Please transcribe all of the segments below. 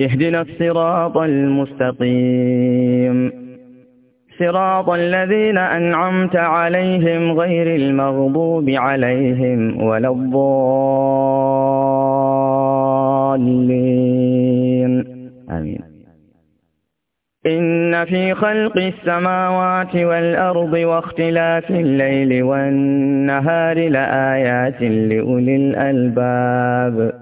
اهدنا الصراط المستقيم صراط الذين أنعمت عليهم غير المغضوب عليهم ولا الضالين آمين إن في خلق السماوات والأرض واختلاف الليل والنهار لآيات لأولي الألباب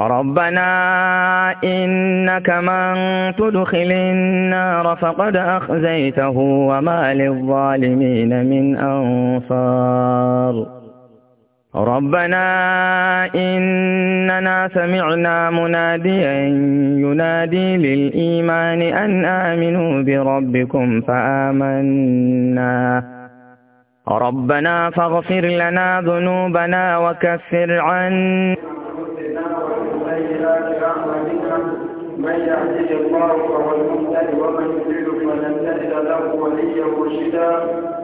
ربنا إنك من تدخل النار فقد أخزيته وما للظالمين من أنصار ربنا إننا سمعنا مناديا ينادي للإيمان أن آمنوا بربكم فآمنا ربنا فاغفر لنا ذنوبنا وكفر عنا من يهده الله فهو المهتد ومن يضلل فلن تجد له وليا مرشدا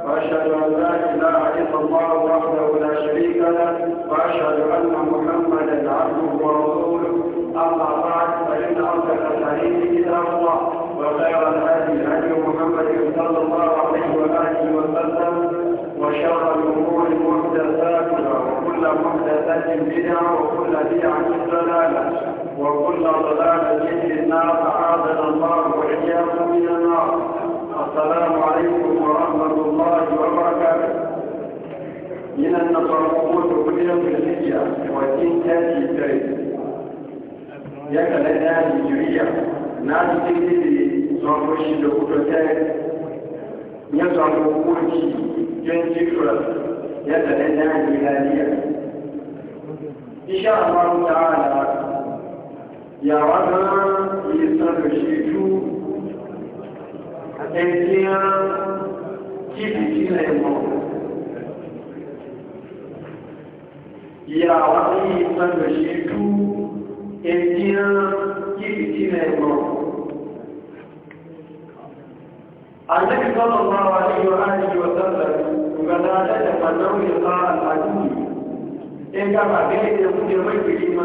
واشهد ان لا اله الا الله وحده لا شريك له واشهد ان محمدا عبده ورسوله اما بعد فان اصدق الحديث كتاب الله وخير الهدي هدي محمد صلى الله عليه واله وسلم وشر الامور محدثاتها وكل محدثات بدعه وكل بدعه ضلاله وكل ضلالة في النار أعاذنا الله وإياكم من النار السلام عليكم ورحمة الله وبركاته من التصرفات كلها الفلسفية وتين تاتي التاريخ يكلا نادي جريا نادي تكتبي صرفشي لكتو تاريخ يصعب وقوتي جن سيكرا يكلا نادي هالية إن شاء الله تعالى yàwádá ìsànà ṣíjú ẹ̀kí á jìbìtì lẹ́mọ̀ yàwádá ìsànà ṣíjú ẹ̀kí á jìbìtì lẹ́mọ̀ Annabi sallallahu alaihi wa yi wa sallam ga da da fannin ya fara al'adu in ga ba ga yake kuje mai kirima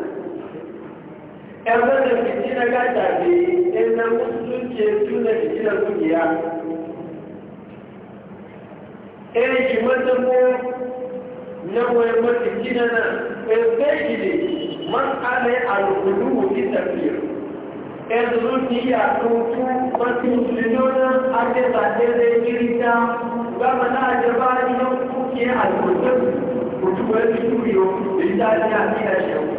‘yan wannan fitina gata ne ‘yan nan musulunci tuna fitinar kungiya ‘yan kimanta ko na muhimman fitina na ‘yan zai ne mas'alai ‘yan ake zai girita gama na kuke turiyo ita ne a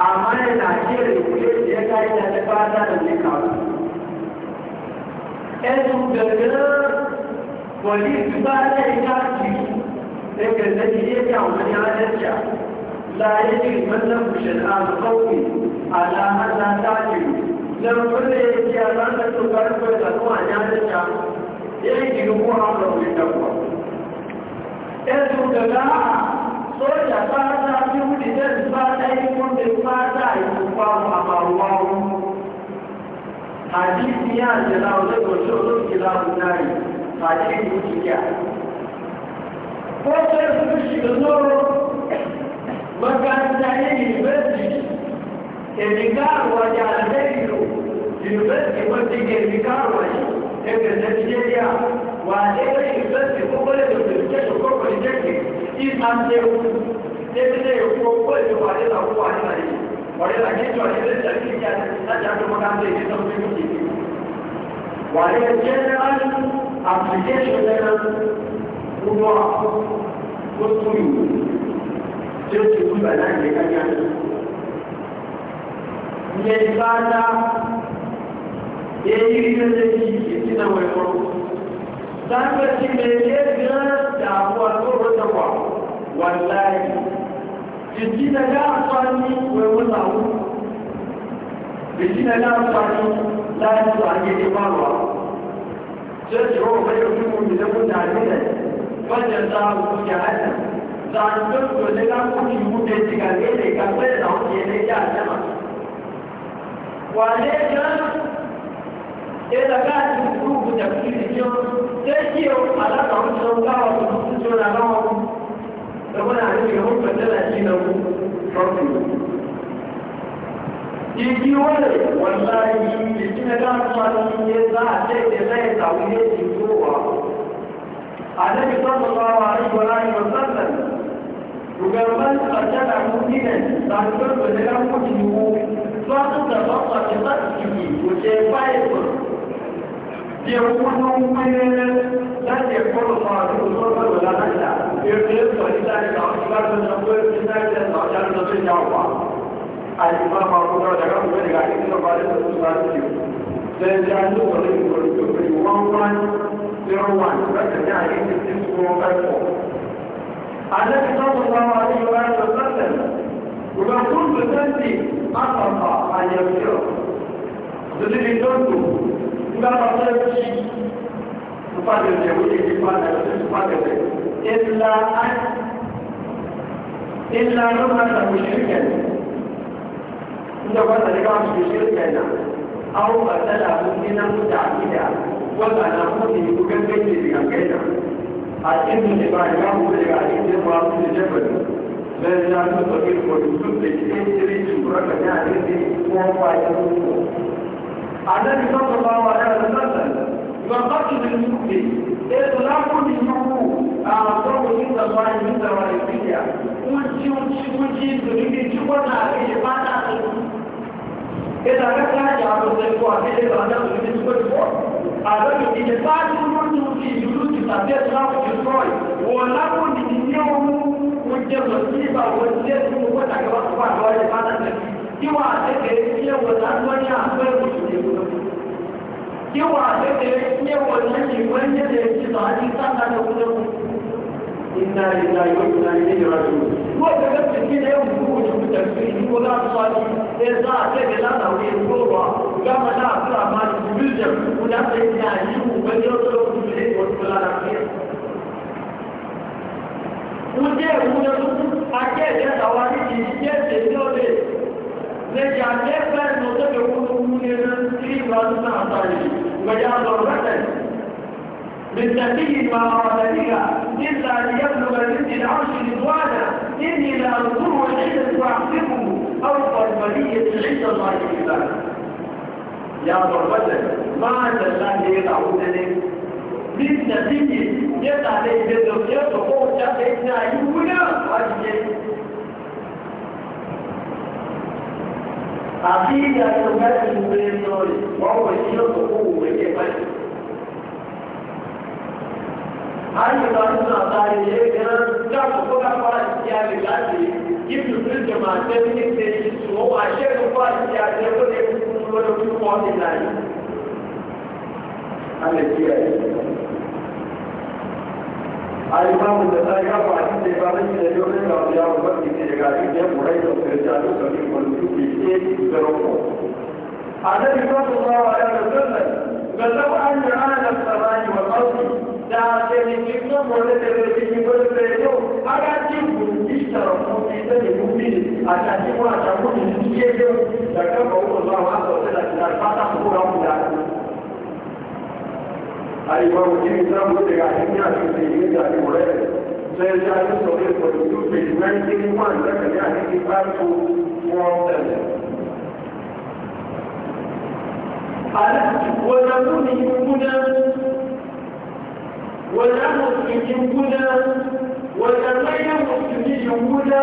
amma yana kere kuri da ya kai da ta fata da ne kawo ɗan daga wani su ba ta yi kafi daga zai iya kawo wani halarci لا يجري من لم شنآن قومي على هذا تاجر لم كل يجيالان تتبارك ويتنوى عن الشام يجي نبوها من التقوى إذن الله soja fata biyu da zan fata yi kundin fata yi kufa a mawawu hadisi ya jira wani gosho sun kila hunari hadisi kuciya ko sai sun shiga zoro makaranta ne university kemikarwa da alhairu university wanda kemikarwa ne daga najeriya wa ne university ko kwale da kirkiyar ko kwale وعليه جنرال application level gbogbo àpò tó tún ìwò tí ó ti kú bàlá ìgbékájá ìyẹn ìbáadá èyí rí lẹ́lẹ́ yìí ètí náà wẹ̀ fọ́rọ̀ tabbaci mai yadda damuwar tsoron da kwa wallahi jiki na ya amfani wai wata hu jiki na ya amfani lafi su ake nemarwa sai jiro mai yanzu mu da mutane ne wajen za su ya hada zanen su ne ga kuki mutu ya ci gare ne ga tsaye da hukiyar ya jama wane gan sai da gani rubuta filiyo sai ke alaka wasu kawo su su na kawo da muna nufin hukun tana shi na farko Igi wani wallahi da shi na gano wani ne za a ce da zai samu ne ke zuwa. A nabi sallallahu alaihi wa alihi wa sallam shugaban tsarkaka mutunan tsarin da na gano mutum yiwu za su tabbata ta tsarki ke wace fayar النبي صلى الله عليه وآله وسلم ومن كل ذنب أطلق أن يغفره. ذلك ذنبه ba ba ta da shi su fada da wuce shi ba da su fada da illa an illa nuna da mushrikan inda ba ta riga su mushrikan na au ba ta da mun gina mu da akida wanda na kuma ne ku gangan ne daga gaida a cikin da ba ya mu daga cikin ba su da jabal sai ya nuna da ko duk da cikin sirri su raka ne a cikin ko ba ya mu النبي صلى الله عليه وسلم يعتقد المؤمن اطلاق الحقوق àtọ́wò nígbà bá nígbà wà ìpínlẹ̀ wọ́n jí wọ́n jí wọ́n jí ìdòdìdì tí wọ́n náà fi ṣe máa náà tó. Ìdá kẹta àjà àtọ̀tẹ̀ kọ àbílẹ̀ bàdá òní ní tó ìfọ́. Àdọ́bì ìdè bá ní wọ́n tún fi ìlú ti tàbí ẹ̀sùn láwọn ti sọ ẹ̀. Wọ́n láwọn nìdí ní ọmú wọ́n jẹ́ lọ sí ìbá wọ́n jẹ́ tó wọ́n tàbí wọ́n tó bá àgbọ̀ Kíwà àtẹ́kẹ̀ẹ́ sí ẹwọ̀ lásán ní àpẹ́ òṣèlú. Kíwà àtẹ́kẹ̀ẹ́ sí ẹwọ̀ lẹ́yìn wẹ́ńdẹ̀lẹ̀ sí Wọ́n tẹ̀lé pèsè ní ẹ̀wù kúrò ní ìlú tẹ̀sí ìdíwọ́ jẹ́ ìwúlẹ̀ tó ajẹ́ ìjẹ́ta wa ìjẹ́ ìjẹ́ ìjẹ́ نجعل يكبر نطبع أمورنا في بعضنا عطاري وجاء ضرورة من تقي ما أراد لها إلا ليبلغ بنت العرش رضوانا إني لأنظر العزة وأعصبه أوفى الولية عند الله العباد يا ضرورة ما أنت الله يدعونني من تقي يدعى لي بالدرجات وقوة تقيتنا يقول أجل àkíyà tó bá ti ń gbé lọ rẹ̀ wọ́n wọ̀ sí òkú òwe jẹ́ báyìí. Ayé wa nínú àtàrí ilé gan-an ní àkókò bá wà sí àmì láti yíjú sí ìjọba àtẹ́bí ní ṣe ìṣòwò àṣẹ gbogbo àti àṣẹ tó lè fún lọ́dọ̀ fún wọn nílà yìí. A lè fi ai samun da ta ya fa shi da ba shi da yau da ya ba shi da ga shi da murai da su da su da su da su ke da roko annabi sallallahu alaihi wasallam da lau an da ana samani wa ardi da ke ne ki so mu da da ki ba da yau aga ji ku ki tara ku ki da ne a ta ji wa ka ta aiwa mutum zan mu daga hanya su ke yin da kore sai ya ji sauye ko su ke nan kin wan da ka ya ki farko ko da ala wala muni kuna wala muslimin kuna wala mai muslimin kuna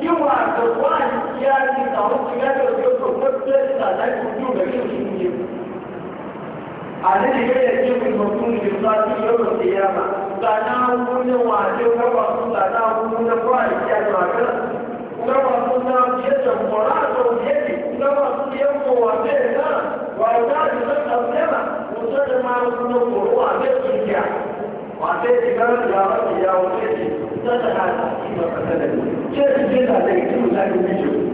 kiwa da wani ya ki tsawo ya ga ko ko da ta da ku da shi الذي لا يجب المكون في الصلاة يوم القيامة تناولون وعجوا ربهم تناولون وعجوا ربهم وربهم تناولون وعجوا ربهم وربهم يوم وعجوا وعجوا ربهم وصل ما ربهم وعجوا ربهم وعجوا ربهم يا رب يا وعجوا تتحدث عن المسألة كيف تجد هذا الكلام لا يوجد؟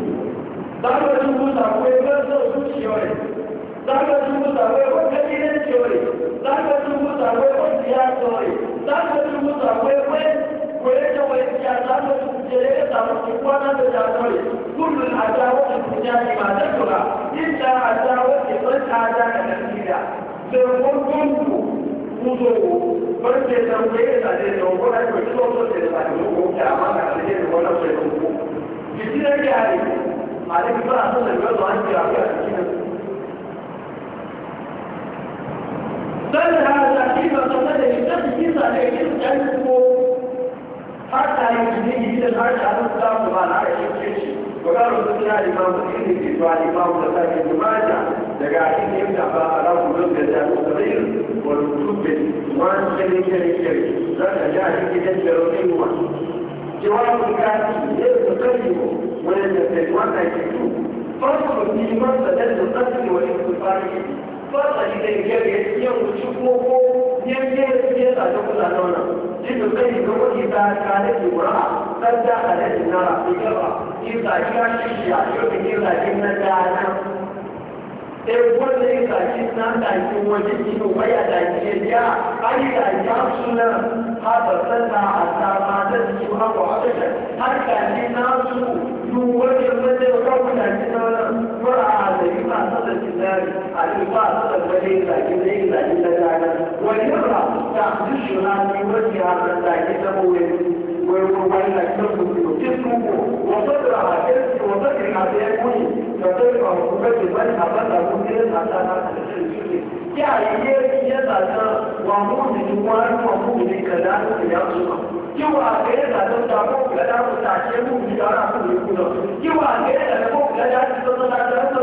بعد ما تقول أقول ما تقول شيئا za ka dubu sakwai wani kaji ne ce wani za ka dubu sakwai wani ya ce za ka sakwai wani kwaye ya za ka dubu jere ya samu kwana da jakwai kullum a ja wani kunya ne ma da tura inda a ban ta ja da nasira sai gurgun ku kuzo ban ce tambaye da da wani kwaye da da ko ka ce wani kwaye da Jikin yake hari, a da ba a sanar da wani kwaye da wani بل هذا فيما قبل يستخدم عليهم علمه حتى يجريه الى العرش على الصلاه مع العرش الشيشي وقالوا سنة الإمام الدين في الإمام الثاني شيء fara da yake ya wuce ko ko yan yan ta da kula da wannan da kai ga wani ta ka da ke san da ala din na rafi ga ba shi ta ya shi ya yo da ke da na da na e na da shi wani shi ne waya da ya ai da ya suna ha ba san da a ta ma da shi ha ko a ta har ka na su duk wani wanda ya kawo da shi na wannan المرأة لما صدت النار لما صدت وليلة ليلة ليلة والمرأة تحدثها في وجهها من لا يتبوي ويقومين تنبت جسمه وصدرها جسم وصدرها بيكون فطرق حكومة من حفظها مدير حتى نفسه tí àyè yẹ́ta náà wà mú nínú wọn ní ọmọ òní kẹ̀dá ìyá sọ̀rọ̀ kí wà àgbẹ̀yẹ́ta tó ta kó kẹ̀dá tó ta ṣe mú ìdára fún ìkú lọ kí wà àgbẹ̀yẹ́ta tó kẹ̀dá tó ta ṣe mú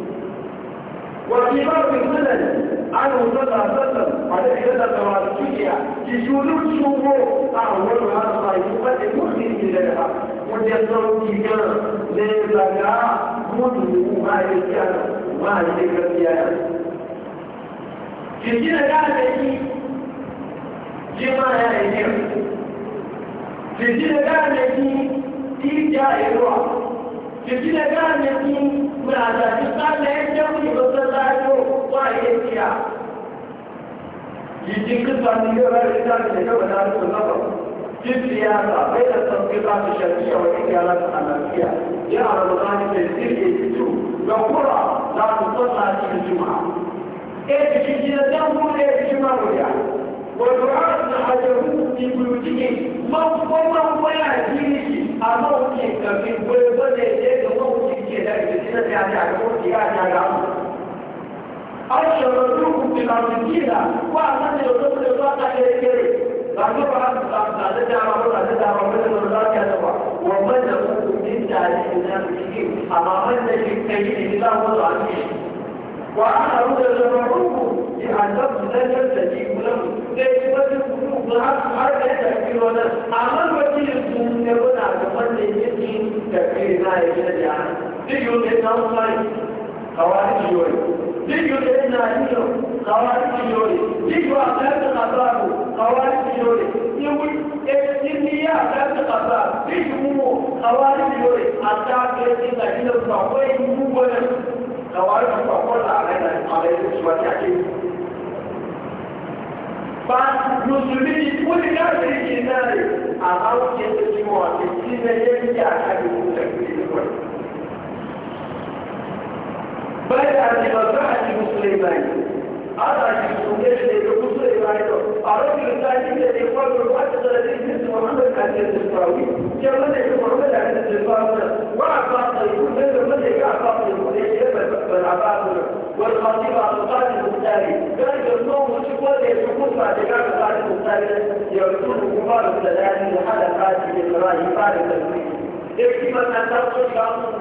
وفي بعض السنن عنه صلى الله عليه وسلم على إحدى التراثية لجلوس شبوه أولها الصيفة المخرج إليها وجدوا كان ليس مدعو ما يكان ما يكان Jirgin da ya yi jima ya yi jirgin da ya yi jirgin Jikina gane ni muna da shi tsalla ya ce muni ba san za a yi wa ya tsiya. Jikin kusa ni yau rari ta da gaba da su zaba. ya siyasa bai da sauƙi za su shari'a wa ɗin yara su alaƙiya. Ya a rarrani ke fito ga kura za su tsalla cikin juma'a. Eh jikin jina zan kuma eh jikin 我说儿子，还得努力，努努力。忙，我我我爱弟弟，他忙我弟弟，我忙我弟弟，弟弟忙我弟弟。现在两家都平安祥和，还想到政府知道挣钱了，晚上就坐坐坐坐歇歇歇。然后儿子、儿子、儿子、儿子、儿子都回家了，我们家夫妻俩现在夫妻，我们夫妻在一起生活在一起，晚上儿子上班辛苦，你还坐不在这等你？da ya wani kudu ba har da ya tafi wani amma wakilin sun ne wani abu wanda ya ci da kai na ya gina da yana duk yau ne na umari kawai ciyoyi duk yau ne na yiyo kawai ciyoyi duk yau a kan da kasaru kawai ciyoyi in ni ya kan da bá mùsùlùmí kú A káàkiri kì í náà rè àbáwọ̀ kì a ṣe kí wọ́n ti sí ní ẹyẹ ní àkàdé kú tẹ̀kùn ìlú rẹ̀. bẹ́ẹ̀ àti ọ̀dọ́ àti mùsùlùmí báyìí àwọn àti mùsùlùmí ṣe lè lo mùsùlùmí báyìí lọ àwọn kì í sáà ní ẹ̀rẹ́ ìfọ́nù láti sọ ẹ̀rẹ́ ìdí tí wọ́n mọ̀ ká ṣe ṣe fàwí kí wọ́n lè fi wọ́n mẹ́ta ṣe ṣe fàwí náà wọ́n àbá والخطيبة قاتل المختاري ذلك النوم والشكوات يشكون بعد ذلك قاتل المختاري يعرفون كبار السلام وحلقات الإقرار فارغ التنوير اكتب إيه أن تنصر شعبهم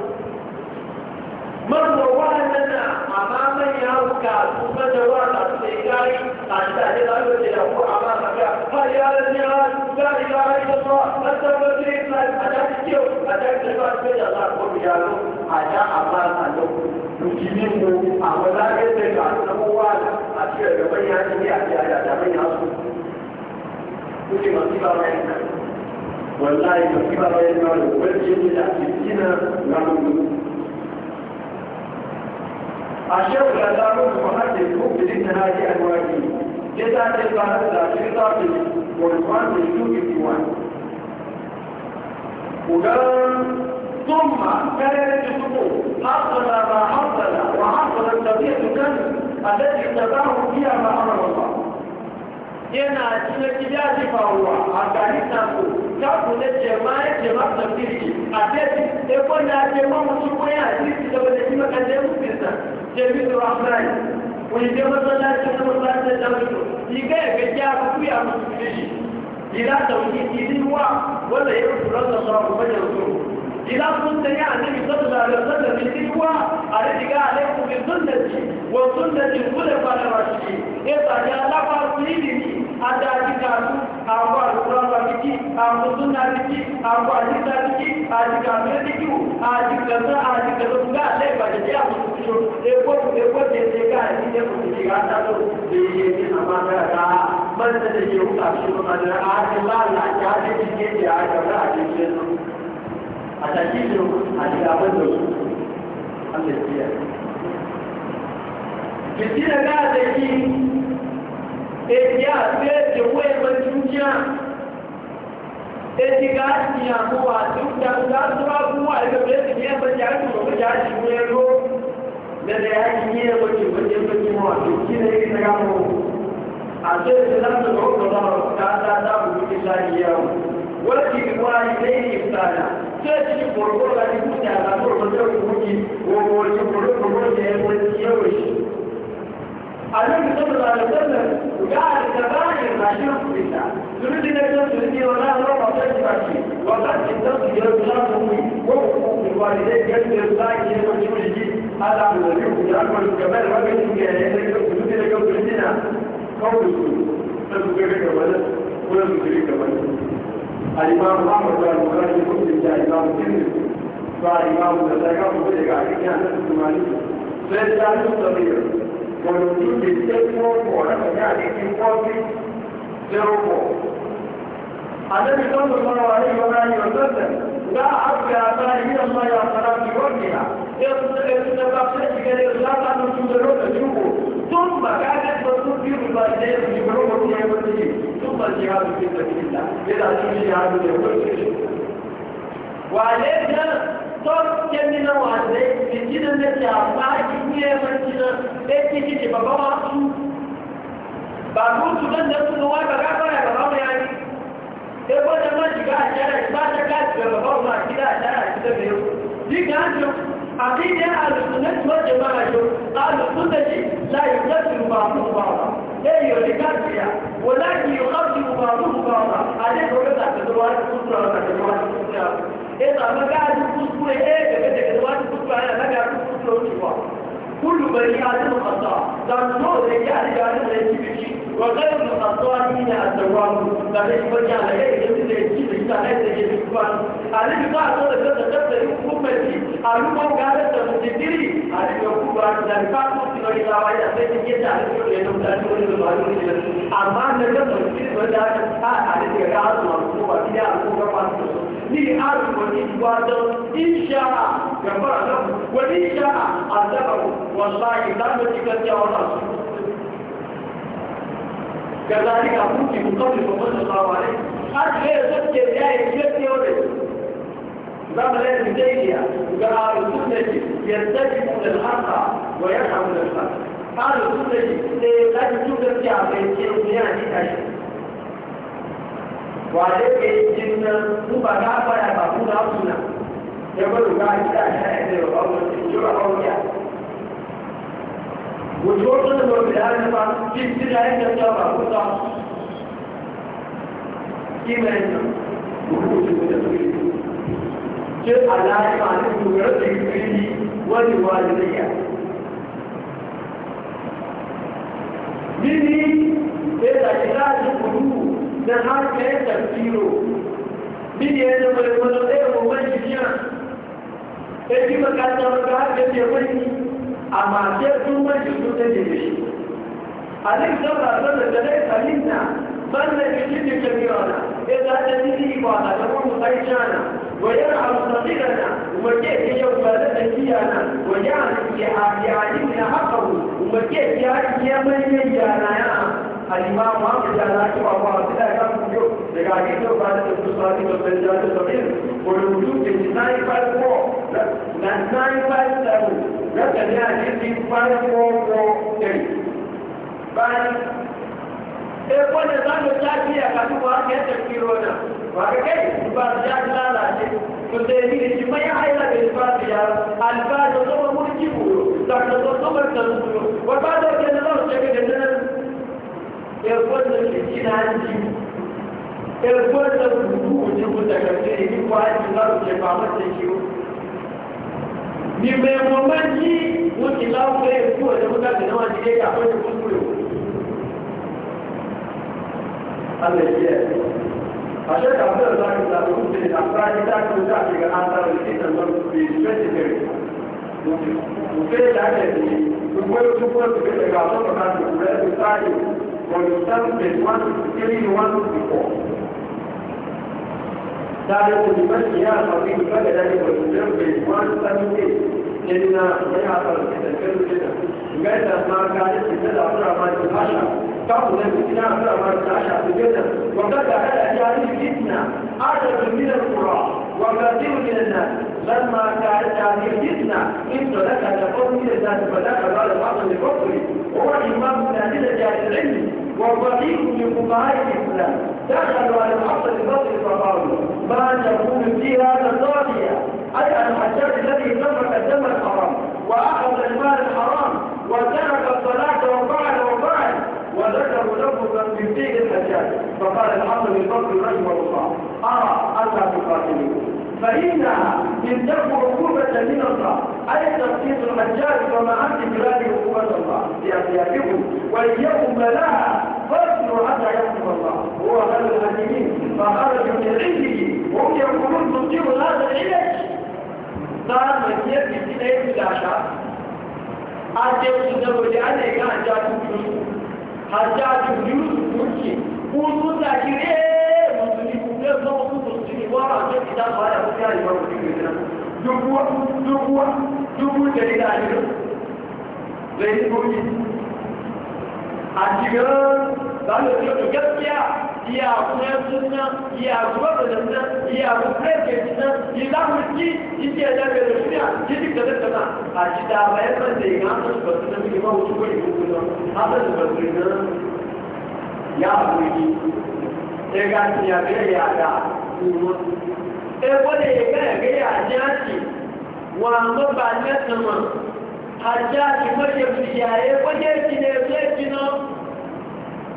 mọ́tò wà nínú àmà mẹ́yà òkà tó mẹ́jọ wà láti ìgbárí àti àjẹ́lá ló ti rẹ̀ fún àmà àgbà báyìí ara ní ara gbárí ara ìjọba lọ́sọ̀rọ̀ sí ìsìláì àjájú tí ó àjájú tí ó ti gbéjà láàpọ̀ ìyá ló àjá àmà àjọ lùkì nínú àwọn lágbègbè àtúnwó wà àti ẹ̀rọ mẹ́yà ní àti àjàjà mẹ́yà sùn. ó ti mọ̀ sí bàbá الشيخ الأزارون المحدث مبتدئ هذه أنواعه جزاء الظاهر الأشرطة والإخوان بالجوء الديوان وقال ثم كانت الصدور حصل ما حصل وحصل الطبيعة كان الذي اقتضاه فيها ما أمر الله yana cikin gida ji faruwa a afghanistan ko ta kula ce ma da kirki a teku ɗaya da ake ma musu kuma yana kirki da wanda shi makanta ya mutu sa jami'in rahman wani je masallacin na masallacin da mutu yi ga ya gajiya ku kuya musu kirki ila da wani idin wanda ya rufu rasa sauran kuma da rufu إذا كنت يعني صلى الله عليه وسلم بالتقوى أرجع عليكم بسنتي وسنة الخلفاء الراشدين إذا جاء لفظ لي ada jikatu apa kurang lagi apa sunnah lagi apa hadis lagi aji kami lagi aji kata aji kata juga ada pada dia musuh ekor ekor jejaka ini dia musuh kata tu dia ini sama kata mana dia juga sudah ada ada lah lah jadi dia dia ada ada dia àtàkìlò àti àbẹ́lò alẹ́síyà. Fitina gáà da shi, ejiya sai da waiwar duniya, eji ga shi na kowa duk da za su ba kuma a gabe su ne ba ja su ba ja shi ne ro da da ya yi ne ba ke ba ke ba ke ma to shi ne a ce da za su ga ko da ta ta ta ku ki sai yau wala ki ruwa ne ne ta sai shi gurgur da duk da na gurgur da kuki ko ko shi gurgur da ya mun yawo shi annabi sallallahu alaihi wasallam ya alkabani rashin fita zuri da kan zuri wa الإمام أحمد والبخاري مسلم جاء إمام الترمذي قال إمام النسائي قال مسلم قال إن أنس الثماني سيجعل الصغير والوجود بالتلفون ولم يعني في قلبي زيرو النبي صلى الله عليه وآله وسلم لا عبد أعطاه من الله والسلام في وجهها ثم كانت تصدر الوالدين في بروح الدين kuma jihadu fi sabilillah yana cikin jihadu da wani shi na son kemina wale da ke ne da ke ba su nan da su wa ba ga fara ga ba ya e ko da ma shiga a tara ba ta ka ga ba ma kida a tara kida ne dika an عقيدة أهل السنة والجماعة أهل السنة لا يقدم بعضهم بعضا لا يرتكب فيها ولكن يقدم بعضهم بعضا عليه وقت أتدوات الكفر وأتدوات الكفر إذا ما قاعد الكفر إيه بقيت أتدوات الكفر أنا ما قاعد الكفر وشوا كل بني آدم خطأ ذا نور رجال قاعد يجيب الشيء wakar yi masu wani ne a tsawon da zai kuma ya da yake yi da yake da shi da yake da shi a liki ba a tsoron da zai da yin kumfanci a rukun gare da su jikiri a liki ya kuma ba da rufa ko su nori da waya sai su ke da su ke da mutane wani da mai wani da amma na zai da su ke da su ta a liki ya ga su masu kuma fi da su ga ba su ni a ni kuwa da insha ga ba da wani insha a zaba wallahi zan ba cikakken wani كذلك أقول من قبل فقل الله عليه قد غير سبت الآية سبت يولد باب لا يمتلكها وقال السنة يرتجم للحق ويرحم للحق قال السنة لا يمتلك في عبيتين يعني أشياء wale ke jin nan su ba na fara ba kuna suna ya bari ga shi da shi da ba wani jira hauriya وہ چھوٹے چھوٹے لوگ بہار کے پاس کس سے جائے جب کیا بات ہوتا کی میں اللہ کے معنی وہ رواج نہیں ہے میری ایک اجلا جو گرو جہاں کے تفسیروں میری ایک نمبر مطلب ایک ایک ہی مکان کا مکان کے لیے amma sai sun shi sun tace da shi a zai saura sanar da zai salinta ban da shi da kabirana ya za ta ciki ba na da kuma aishana wa yana abu sasirana wa ke ke yau ba da na. wa ya ke a yayin na haka wa ke a ke mai yayyana ya الإمام مالك جاءت وأبو عبد الله كان موجود لكن لو بعد الاتصال بالجهاز الصغير والوجود في 954 لا 957 لا تنيا في 5443 بعد Ekwa da za mu tafi a kasu ba ka yadda kiro na, ba ka kai ba su ya lalace, su zai yi shi mai haila da ba su ya alfa da zama mulki buru, da ka zo zama ta zuru, wa ba da ke na zama shi da nan ẹ̀fọ́ ló ṣe kí náà jù ẹ̀fọ́ ló kúrú òjìbò tẹ̀kẹ̀tẹ̀ èyí kọ́ àjù láwùjẹ bá wọ́n ṣe kí ó. Nìgbà ẹ̀mọ́ máa ń yí wọ́n ti láwùjẹ ẹ̀kú ọ̀dẹ́ wọ́n dàgbẹ̀ náà wọ́n ti dé àpọ̀ ìfún kúrò. Alẹ́ yẹ àṣẹ kàfẹ́ ọ̀dọ́ àgbẹ̀dà tó ń ṣe àfáàjì dákúrú káàkiri àtàrà ìṣẹ̀lẹ̀ lọ́wọ́ fi ìṣẹ́ṣẹ̀ for yourself in 163, 164. تعرف لمن يعرف في الفرق ذلك والمجرم بالإجمال فمثل لأن ما يعرف الكلام كده ماذا ما كانت تزال أسرع ما تتعشى تعرف أن تزال أسرع ما تتعشى في ان وقد أهل يعني جدنا عدد من القرى وكثير من الناس لما كانت يعني جدنا إن لك تقول من لك ان بعد لك الكفر هو إمام نازل جاهل العلم والضعيف من فقهاء الإسلام دخلوا على الحصة البصري فقالوا ما نقول في هذا الضاغية أي الحجاج الذي سفك الدم الحرام وأخذ المال الحرام وترك الصلاة وفعل وفعل وذكروا لفظا من فيه الحجاج فقال الحصة البصري رحمه الله أرى انها تقاتلكم فإنها إن تكن عقوبة من الله أي تفسير الحجاج وما أنت بلاد عقوبة الله في shasha ajeji saboda ana yi kan hajjaju biyu hajjaju biyu su kurke kusu da kire musulmi kuke zo su musulmi wara ce ita ba da kuka yi ba mutum ne nan dubuwa dubuwa dubu da ila ne zai yi kurki a cikin zalo iyakun yazısından, iyakun adınından, iyakun herkesinden, izah mülki, ciddi eder verir ya, ciddi kadar kadar. Hacı davaya ben de inan, basına bir ima uçuk öyle kutluyor. Hazır basına, ya bu iyi. Egan ya bile ya da, umut. E bu da egan ya ya cihati, vamı bende tamam. Hacca çıkma yapıcı ya, e bu gerçine, bu gerçine,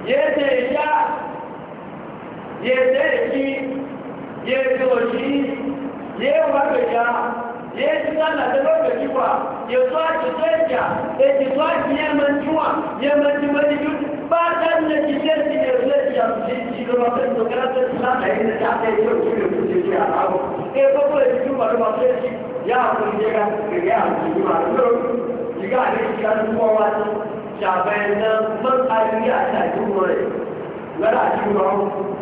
yeter ya, ya zai ya zoji ya wagaya ya yi tsalla da e lokaci ba ya zuwa ki tsarkiya ya ki zuwa ki yaman ciwa yaman ci mani duk ba ta na ki tsarki da zai ya fi ci gaba kan dokar ta tsala da yin da ta yi yau ki da kuke ki a rago ya kwakwa da cikin ba da ba sai ci ya kun je ga ga ya ci ba da ki ga ne ki ga kuma wani shabai na man a yi a ta ji mura gara a ji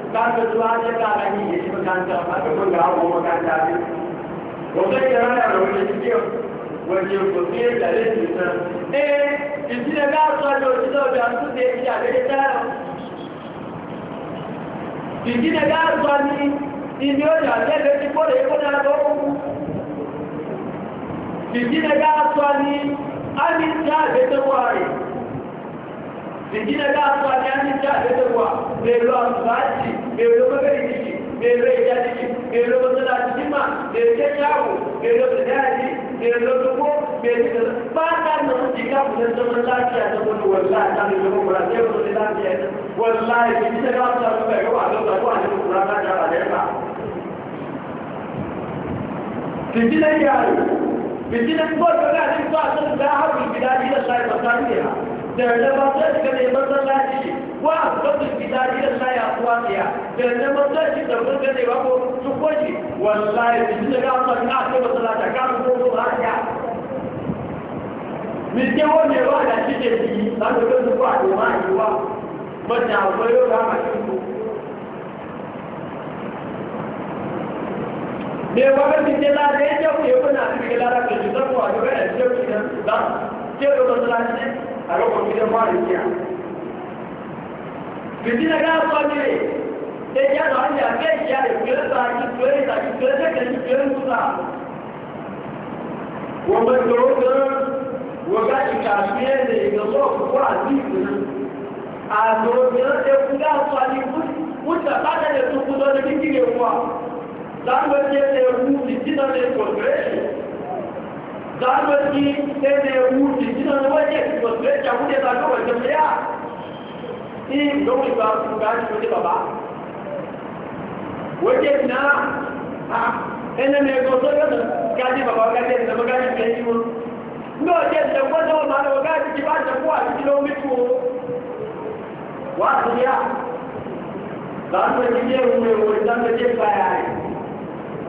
kasa zuwa ta kara ni shi makanta a gaban da hagu makanta ne wata ke rana da wani cikin wani yankusi da rikin nan eh isi da gasa da wani sau da su da ya fi a gari tara jiki da gasa ni ibi o jà jẹ́ lórí kóòrè kó dára tó kúrú jiki da gasa ni a ní jáde tó wà rẹ̀ jikina da su a jani ta da dawa mai ruwa baci mai ruwa gari ciki mai ruwa ya ciki mai ruwa tsada ciki ma mai kyan yawo mai ruwa da daji mai ruwa duko mai ruwa ba ta na su jika kusan zaman lafiya ta wani wallahi ta mai ruwa kura sai wani lafiya ta wallahi ta da su a ruwa yawa a ruwa a ruwa kura ta jaba da yawa fitinan yaro fitinan gwada ga cikin wasan da harin gida gida sai ta da rarraba ta shiga neman sallaci wa babin da sa ya kuwa tsaya da rarraba ta shi da burga ne ba ko tukwaji wallahi da shi daga amfani a kai masallata ta su ko ya mike wani ba da shi ke yi za su ga su ba doma yi wa bata akwai yau da haka shi ko ne ba ga mike na da ya ce ku yi kuna ke lara ka da ga ya ce ku da za su ce da ne? a lokacin da fara kiya fitina zamanci sai da ya wuce jina na waje ba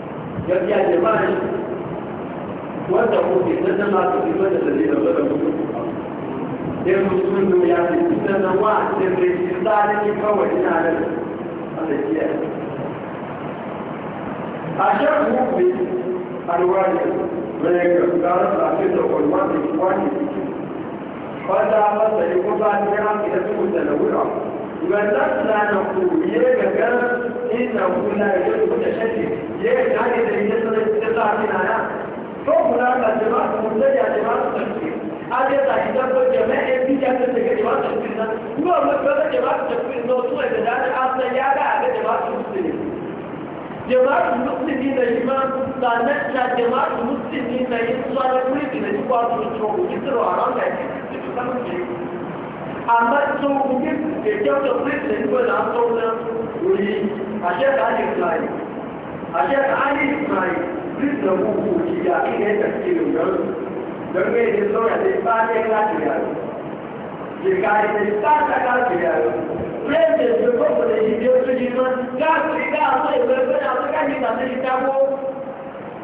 su ya yọ̀bí àjẹ̀bá wanda kuke nan tana masu fi da zai da mutum sai mutum da ya fi fita na wa sai mai shi tsari ne kawai ina da a shan gobe alwani mai gaskara da fi da kwalwani kwani fata masa yi kuma ne ya fi da su da na wura وذكرنا نقول يجب إنه لا يجب تشدد يجب أن يجب أن يجب na يجب ko kula da jama'a da mutum ya jama'a da tafi an yi ta hidan ko jama'a ya fi jami'a da ga jama'a da tafi nan kuma mutum da jama'a da tafi nan su da dani an san ya ga a ga jama'a da musulmi jama'a musulmi da shi ma sannan na jama'a musulmi na yin suwa da kuri da shi الشيخ علي إسماعيل ضد وقوفه الشيعي هي تفكير الجنوب لما يجلسون على الإسبانية لا تجاري لكي تستعد على تجاري Prende il suo corpo dei Dio, il suo Dio, cazzo di cazzo, e per quello che ha detto,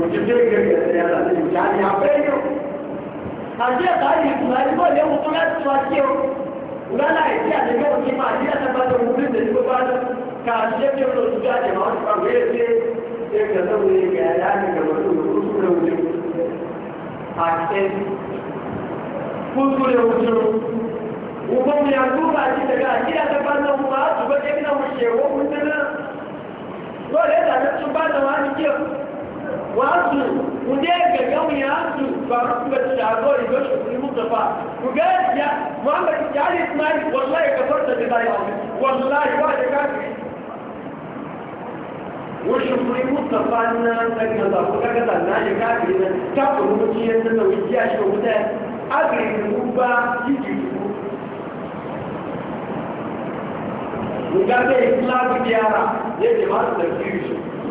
وتفكر يعني يعطيه هذه قاعدة يقول يوم طلعت تواجهه ولا لا يجي اليوم كما هي تبادل مبين للمبادل كان يجب أن تجاهد ما أشعر ويجي يكتبوا لك إعلان كمسؤول رسول وجود أحسن كل وجود وهم يقولون أن تجاهد تبادل مبادل وجبنا مشيه ومثلنا ولذا نتبادل ما نجيه وأنتم هناك يوم أنتم فرقبة الأعذار يبشر في المصطفى وقال يا محمد تعالي اسمعي والله كفرت بما يعمل والله واحد كافر وشكري مصطفى أن تجد فقد أن كافر تقول مجيئا أنه يجيش ومدان أبري المبا يجيش وقال إسلام ديارة يجب أن تجيش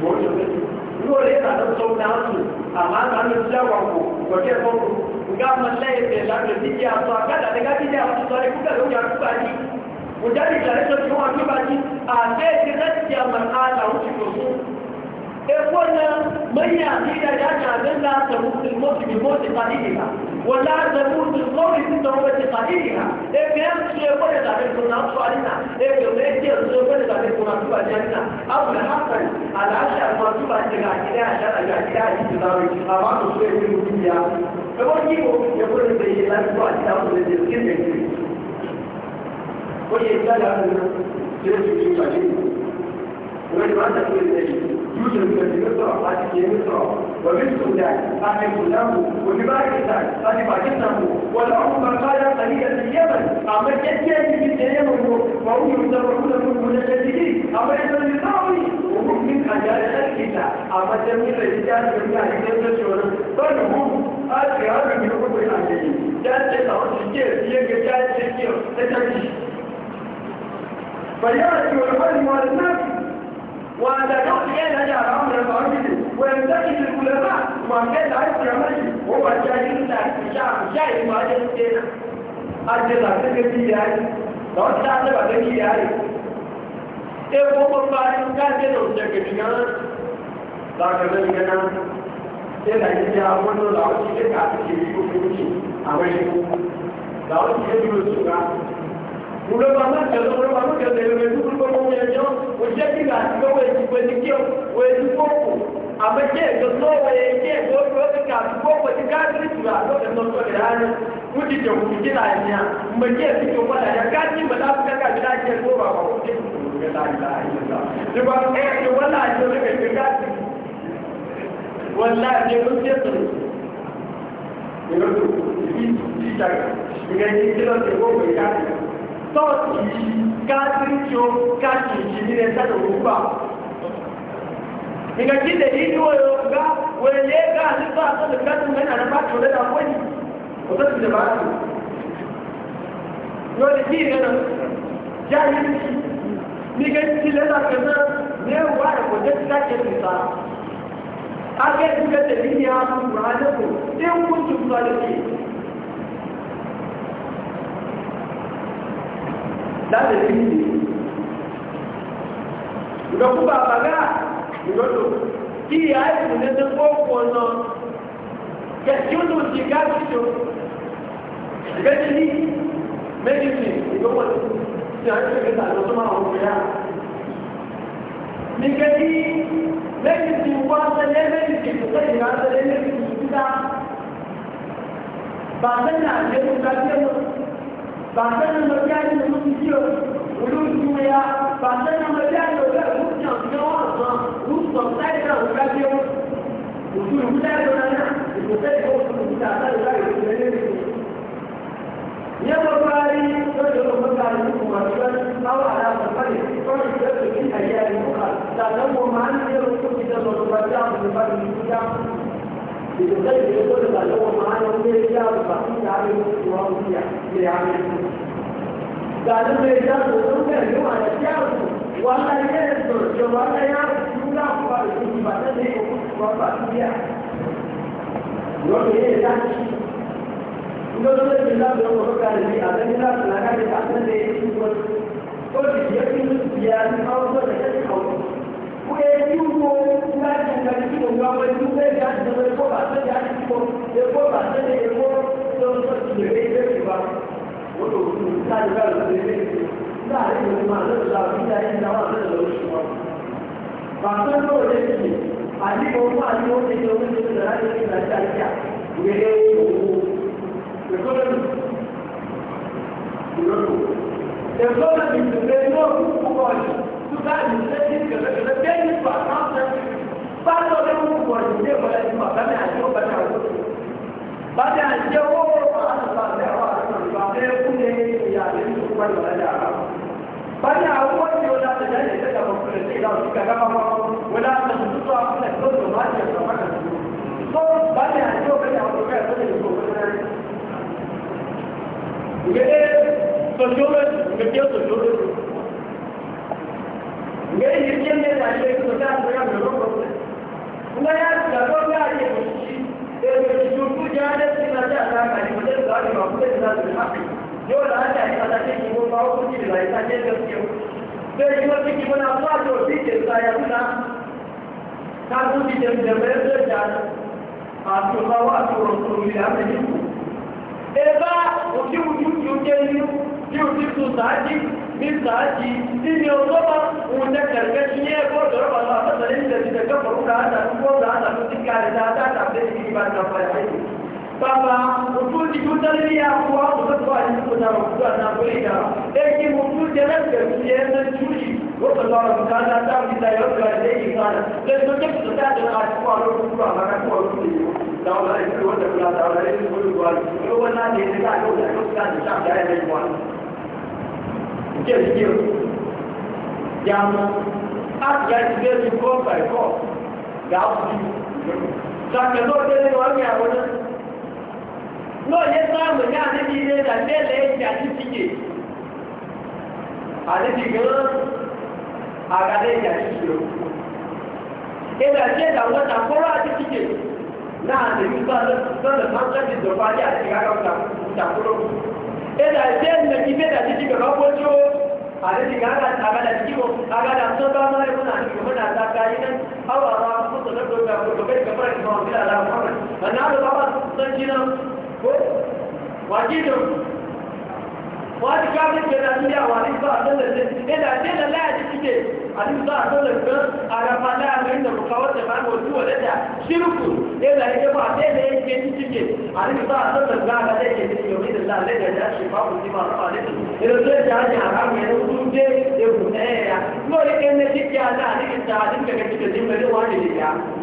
ومجيئا dole yana da sauna su amma na hannun jawa ko wajen kwanu ga mallaye da lafiyar jikiya su a kada da gafi da wasu tsari kuka da ku ba ni ku jari tare da kuma ku ba ni a sai ki zaki ya mar'ala wuce ko إخوانا من يأتينا لأن عملنا تموت الموت بموت قليلها ولا تموت القول بموت قليلها إذا يمشي يقول إذا بيكون أطفو علينا إذا يمشي يقول إذا بيكون أطفو علينا أو الحسن على عشاء المرتوبة إذا قاعدين عشاء قاعدين عشاء قاعدين عشاء في المدية فبقيه يقول إذا يمشي يقول إذا يمشي يقول إذا يمشي يقول إذا يمشي يقول إذا يمشي يقول إذا يمشي يقول ولماذا في الدين يوجد في مصر هذه مصر ومن السودان أهل السودان وباكستان أهل باكستان والعمر قال قليلا في اليمن أما يأتي في اليمن وهم يتبعون من المتشددين أما يسأل الثاني وهم من أجال الكتاب أما جميع الرجال من أهل السودان بل هم أشهر من أمور الأجل جاءت الأرض كيف جاءت كيف تتبعي فيأتي والمال والناس wanda yau su yi da yara wanda ya faru bisu wani zaki su kula ba ma ke da ya fura mai yi da ku sha ku sha yi ma ya ce na a ce da ta gani ya yi da wata ta ba ta gani ya yi te ko ba ba ni ka ce da wata gani ya ba ka zai gana te da yi ya wani da wata ke ka ta ke yi ko ko a wani ko da wata ke yi ko su ka Mula bana jalan, mula bana jalan, mula bana jalan, mula bana zo wa ya ke zo ka ko ko ti ka ti tura zo da to to da hali kuti da ku kina ya mba ke ti ko ba ya ka ti ba da ka ka da ke ko ba ko ti ga da da ila ne ba eh to wala jo ne ke ka ti wallahi ne mun ce to ne ba to ti ti ta ga ni ti da ko ko ya to ti ka ti ìgbà tí ìdè yìí níwọ̀ ga wẹ̀lẹ́ ga nípa àtọ́lẹ̀ gbádùn mẹ́rin àdàbà tó lẹ́nà àpọ́yì kò tó ti lè bá rẹ̀ yóò lè kí ìrẹ́nà já yìí ní kẹ́ ti lẹ́nà kẹ́nà ní ẹ̀wà ẹ̀kọ́ jẹ́ ti káàkiri nìta akẹ́kọ̀ọ́ kẹ́ tẹ̀lé ní àbúrò àdẹ́kọ̀ọ́ tí ń kú ju fún àdẹ́kì láti rí ìdè ìdọ̀kú bàbá gáà lọ́dọ̀ kí àìsàn lẹ́sẹ̀ pọ́pọ̀ náà kẹ̀kí ó lòdì ti àìsàn tó sẹ́yìn wá sẹ́lẹ̀ méjìlì síta. Bàtẹ́ náà lé mú kájẹ́ lọ. Bàtẹ́ náà lọ bí àyè ló ti di o. Olú ìdúwẹ́ ya. Bàtẹ́ náà lọ bí sostanza educación, usul gudar donana, usul usul gudar donana, ya mafari don da yau mutane su masu wani tsawa da mafari don su da su yin ayyar muka da nan mu ma an yi rufu ki da masu wani abu da bari su ya da da zai yi da da da ma an yi rufu ya ba su da abin da su wa wuya da ya amince garin mai da su sun gari wa da yaro wanda ya yi da da wanda ya su da ku ba da su ba da ne ko ba ba su ya wanda ya a zan yi zaɓi na gari a zan da ya yi su wani ko da ya fi su ya yi kawo da ya yi kawo ko ya yi ko ya yi da shi da 我有时候家里边有谁认识，那这个嘛，这是老人家一讲话，这是都是说，把所有的事情，把这个话题，我这个问题，让他给咱讲一讲，也有有个人，有个人。有时候你准备做不关系，就在你身体可能可能变一转，当时搬到那个不关系，接回来你把咱俩就把俩，把俩接过，把它把两万。ولا فلا yóò là á jà ìtajà kéèkì wọn bá ó sì là ìtajà ẹgbẹ́ òkè o bẹ́ẹ̀ ni wọ́n ti kí wọn náà fún àjọ òbí ìjẹ̀sà ayàkúta káàkó ti jẹ ìjẹ̀mẹ́ ẹgbẹ́ ìjà àti ọba wa àti ọ̀rọ̀ tó lè àmì ẹ̀bá òkè ojú tí ó jẹ́ inú tí ó ti tún sáájì ní sáájì tí ni bá òun jẹ́ kẹ̀kẹ́ tí ní ẹgbẹ́ ọ̀dọ́rọ̀ bá lọ àtọ́sọ̀rẹ́ ìjẹ̀sì tẹ̀kẹ́ pọ̀ baba mutunci tarbiyya kuwa ku san ba ni ku da ku da na ku da eh ki mutunci da ke ya san tuji ko ta ba ku da da ta mi da yóò yẹ sáàmù ní àdébí ilé rẹ̀ lẹ́lẹ̀ èjì àti tìjì àdébí gan àgàdé èjì àti tìjì o ebe àti ẹ̀dà wọ́ta kọ́rọ́ àti tìjì náà àdébí bá lọ́nà máa ń tẹ́lẹ̀ ìjọba àti àti ìgbàgbọ́ta ìjàkúrò ebe àti ẹ̀dà ti bẹ́ẹ̀ àti tìjì bẹ̀rẹ̀ ọkọ̀ tó àdébí gan àgàdà tìjì o àgàdà tó bá máa ń múnà àti ìgbàmọ́nà àtàkà yìí náà àwọn àwọn akókò tó lọ́dọ̀ واجب wani kafin ke na duniya wa ni ba sallar ne ina ce da laya eh, ji kike a ni ba sallar ga arafa da amin da buka wata ma ko duwa da da shirku ina yake ba sai da yake ji kike a ni ba sallar ga da yake ji yomi da Allah ne da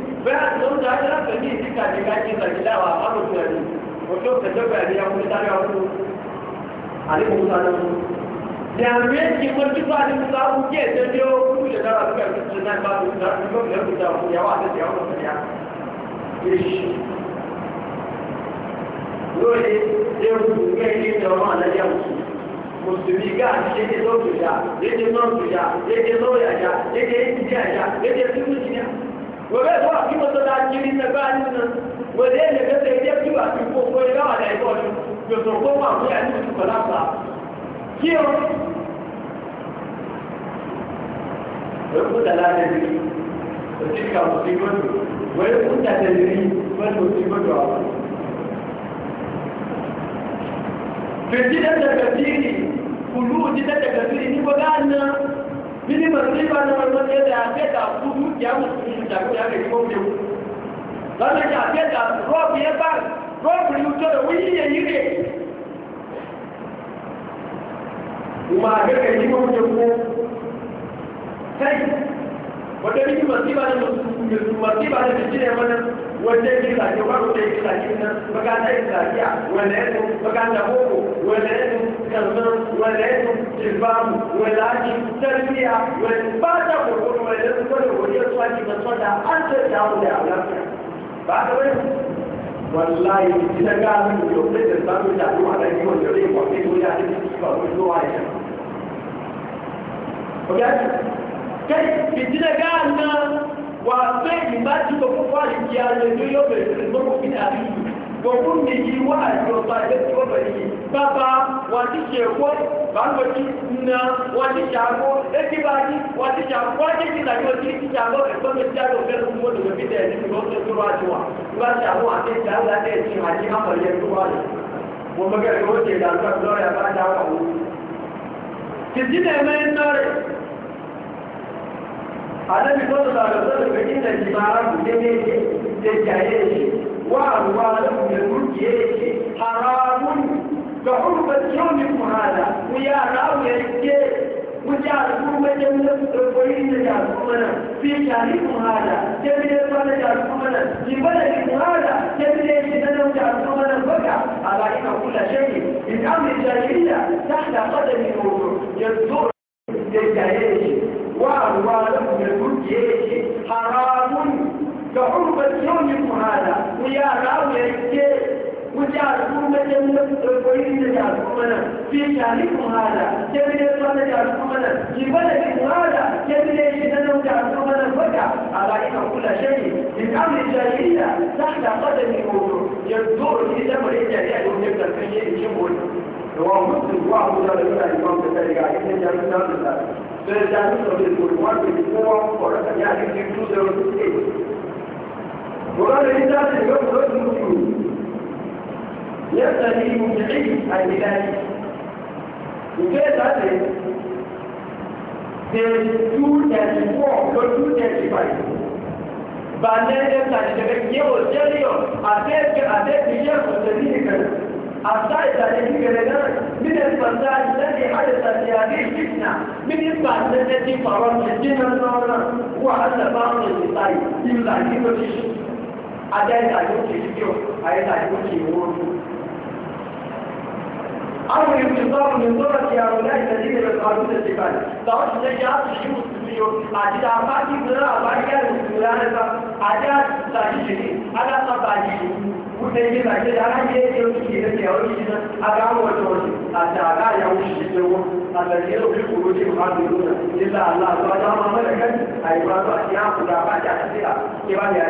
bẹ́ẹ̀ tó ń darí láti ní ìdíkà ní ká ní nàìjíríà wà á lòdì ẹ̀mí ojú òkèjọba ẹ̀mí ẹkùn sáré ọdún àlékún sáré ọdún. ní àmì èjì mo ti bá ní musa kú mùsùlùmí gáà gobe zuwa ki masallaci na gani nan wanda ya ga sai ya kiwa ki ko ko ya ga da ko yo so ko ma ku ya ni ku fara ba kiyo ko da la ne ni ko ki ka ku ki mun wai ku ta da ni ko ku ki mun ba Fitinan da kafiri, kulu jidan da kafiri, ni ba ga'an Bini masu ba na wannan ne da ake da su dukiya musulmi da ko ya kai gobe. Wannan ya ake da rob ya ba rob ne to da wuri ya yi ne. Kuma wata miki masiba ne masiba ne da cire mana wanda yake zage ba wanda yake zage na baka ta zagiya wanda yake baka ta boko wanda yake kanzan wanda yake jirbamu wanda yake tarbiya wanda ba ta kokoro wanda yake kwallo wanda yake tsaki da tsada an ta da mu da alaƙa ba wallahi idan ga mun yau sai da samu da ruwa da yi wanda zai kwafi ko ya ce ba ko zuwa ya ba kai fitina gana wa sai in ba ci ko ko fari ya ne do yo be ko ko ki da bi ko kun ne yi wa a ko ba da ko ba ni baba wa ti ke ko ba ko ti na wa ti ja ko e ti ba ni wa ti ja ko ti ti da ko ti ti ja ko e ko me ja ko be ko do be da ni ko to ba ti wa ba ja ko a ti ja la de ti ha ji ha ko ye ko ba ni wo me ga ko ti da ko lo ya ba ja ko ti ti annabi sallallahu alaihi wasallam ga inda jibara ku ne ne da jaye ne wa ruwa da ku da mulki yake haramun ga hurbat yawmin muhada ku ya rawu yake ku ja ku mai da mun da koyi da ja ku mana fi jani muhada ke bi da da ja ku mana jibara ki muhada ke bi da shi da ja ku mana baka ala ina kullu shay min amri jahiliya tahta qadami mawdu yadur da jaye ne وأموالهم البرجيش حرام كحرمة يومكم هذا ويا راوي وجعلكم جعلكمنا في شهركم هذا كمن يصل جعلكمنا في بلدكم هذا كمن يجدنا جعلكمنا فجع على إن كل شيء من أمر الجاهلية تحت قدم الموضوع يدور في دم الإجابة ونبدأ في شيء يشبه هو مسلم وعبد الله الإمام كذلك عليه الجامعة the Japanese of the Good One will go on for a Yaki in 2008. Quran is not a good word to you. Yes, I mean, you believe, I believe. You get that is, there is 234, not 235. Banner them that is a big deal, tell you, I said, I said, the year was the vehicle. الصائد الذي كان من الفساد الذي حدث في هذه الفتنة من إثبات التي فرض الدين النار وعلى بعض النساء إلا يمشي أداء يمشي فيه أداء يمشي أو انتظار من ذرة هؤلاء الذين يفعلون الجبال. تعرف الشيء هذا الشيوخ biyo àti àbá ti gbẹ́rẹ́ àbá yẹ́ ìrìnlẹ̀ àrẹ́ta àti àtìta ìṣèlú alásàbà ìṣèlú wúlé oṣù yìí lẹ́yìn agáwọ̀ ọjọ́ àti àgá ṣiṣẹ́ wọn àtàlẹ́ òbí kòrò ṣe máa ń náà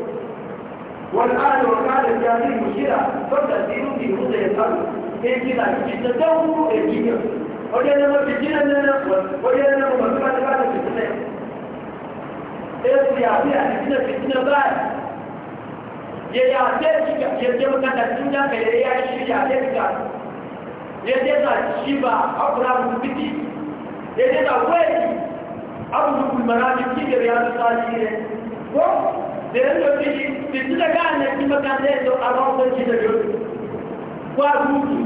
والآل وكان الجاهل مشيرا فالتأثير في موسى يسال يجينا جدا دوه يجينا وجينا ما في جينا لنا وجينا ما في جينا لنا في جينا Eu fui abrir a piscina, a piscina vai. E aí, até fica, e aí, eu canto a piscina, e aí, a piscina, até fica. E aí, essa chiva, a curava do piti. E aí, essa ué, a curava do piti, e aí, a curava do piti, e aí, a curava ko da yanzu da shi fitu da ga ne kuma kan ne to a ba ko shi da yo ko a duki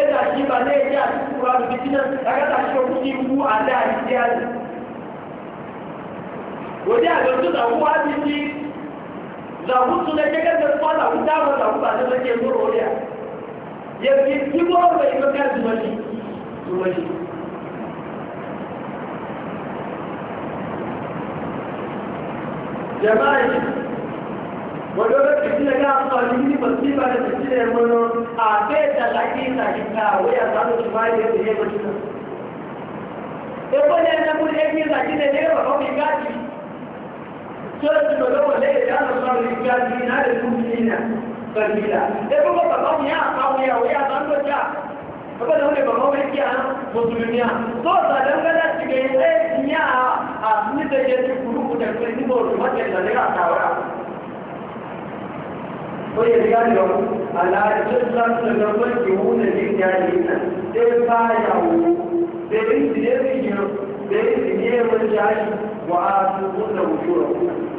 e da shi ba ne ya ko a duki da daga da shi ko shi ku a da shi ya ne ko da ga su da ku a duki za ku su da kaga da ko da ku da ba da ku ba da ke muro ya ya ki ki ko ba ka zuwa shi zuwa shi jama'i wanda wani fiti na ya amfani ni masifa da fiti ne mono a kai da laki na kita waya za mu shiga ne da ya mutu ebo ne na mun ne ki laki ne ne ba ko mi gaji so da to da wale ya na so ri gaji na da e, kuma ni na kabila ebo ba ba mu ya ka waya waya za mu ta saboda wani ba mawai kiya ah, musulmiya so sa dangana su ga yi tsaye niya a nita ke su kuru ku da kai nito su mace da ne a tawara ko ya riga da ku ala jin san da gaban ki wuna din ya yi nan sai ba ya wu sai din ne ne ne sai ne wani jashi wa a su wuna wujura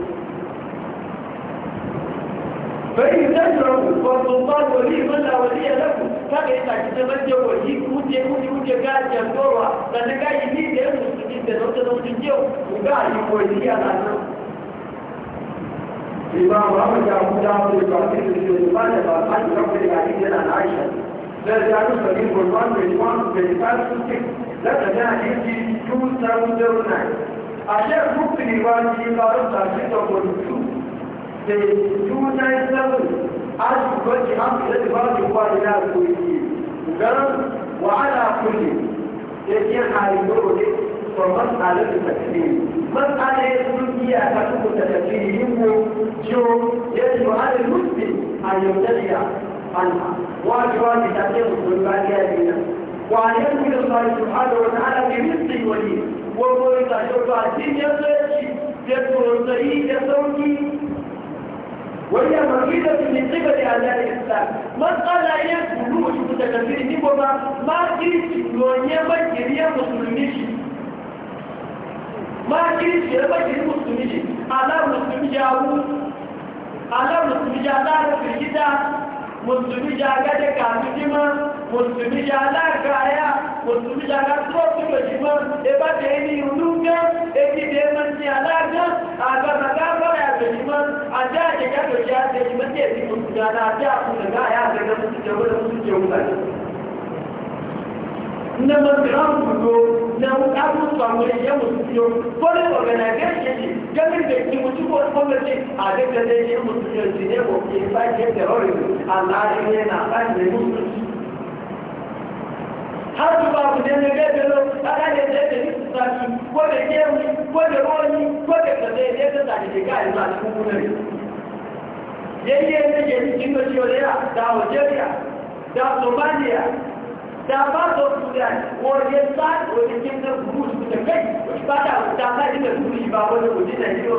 فإن تشربوا والسلطان ولي من لا ولي له فإن تتبدأ ولي كوتي كوتي كوتي قاعد يمدورها لأنك قاعد يميد يمدو السجين ده نوتي نوتي جيو وقاعد يقويني على نوم إمام أحمد أبو جعفر القاسم في الجزمان الأربعين رقم العديد عن عائشة لا يجعل سبيل قرآن بالإمام بالإمام سوتك لا تجعل يجي 2009 عشان ممكن يبقى في قارب تعزيز وقلوب they do nine seven as you go to ham ila ba ki kwa ila ko yi garan wa ala kulli yake halido ne to mas'alar takfir mas'alar kulliya ta ku takfir yiwo jo yaji wa ala muslim an yudalla anha wa wani ta ke musulmi ba ya dina wa yanzu Allah subhanahu wa ta'ala bi rizqi wa yi wani? ko ta jo ba din ya ce ya to sai ya sauki وهي مفيدة من قبل أعداء الإسلام من قال أن بلوغ متكبر نبوما ما كيس لونيا ما كيريا مسلميش ما كيس يا ما كيريا مسلميش على مسلمي جاو على مسلمي جاو على مسلمي جاو mùsùlùmí jẹ́ agẹ́dẹ́ kàbíjímọ́ mùsùlùmí jẹ́ aláàgáyá mùsùlùmí jẹ́ agásílọ́pùlọ̀jímọ́ ẹbá tẹ́ ní ìlú gán ekíde mọ́ sí aláàgán àgbàmàgbàmọ́rẹ̀ àgbẹ̀jímọ́ ajá àjẹ́gbẹ̀jẹ́ àgbẹ̀jímọ́ tẹ́ na mazan kudo na abu samurai ya musulmiyo foreign organization ne gamin da ke mutu ko ce a daga da musu musulmiyo su ne ko ke sake terrorism a ne na tsarin da musulmi har su ba ku ne na gaje lo a gaje da yadda nisu ko da gemi ko da roni ko da kaza ya ta zaki da gari su kuma ne yayye ne ke cikin da ciwo da ya da algeria da somalia da ba kuda wajen ba wajen kin da gudu su da kai ba ta ta ba inda gudu ba wani da yiro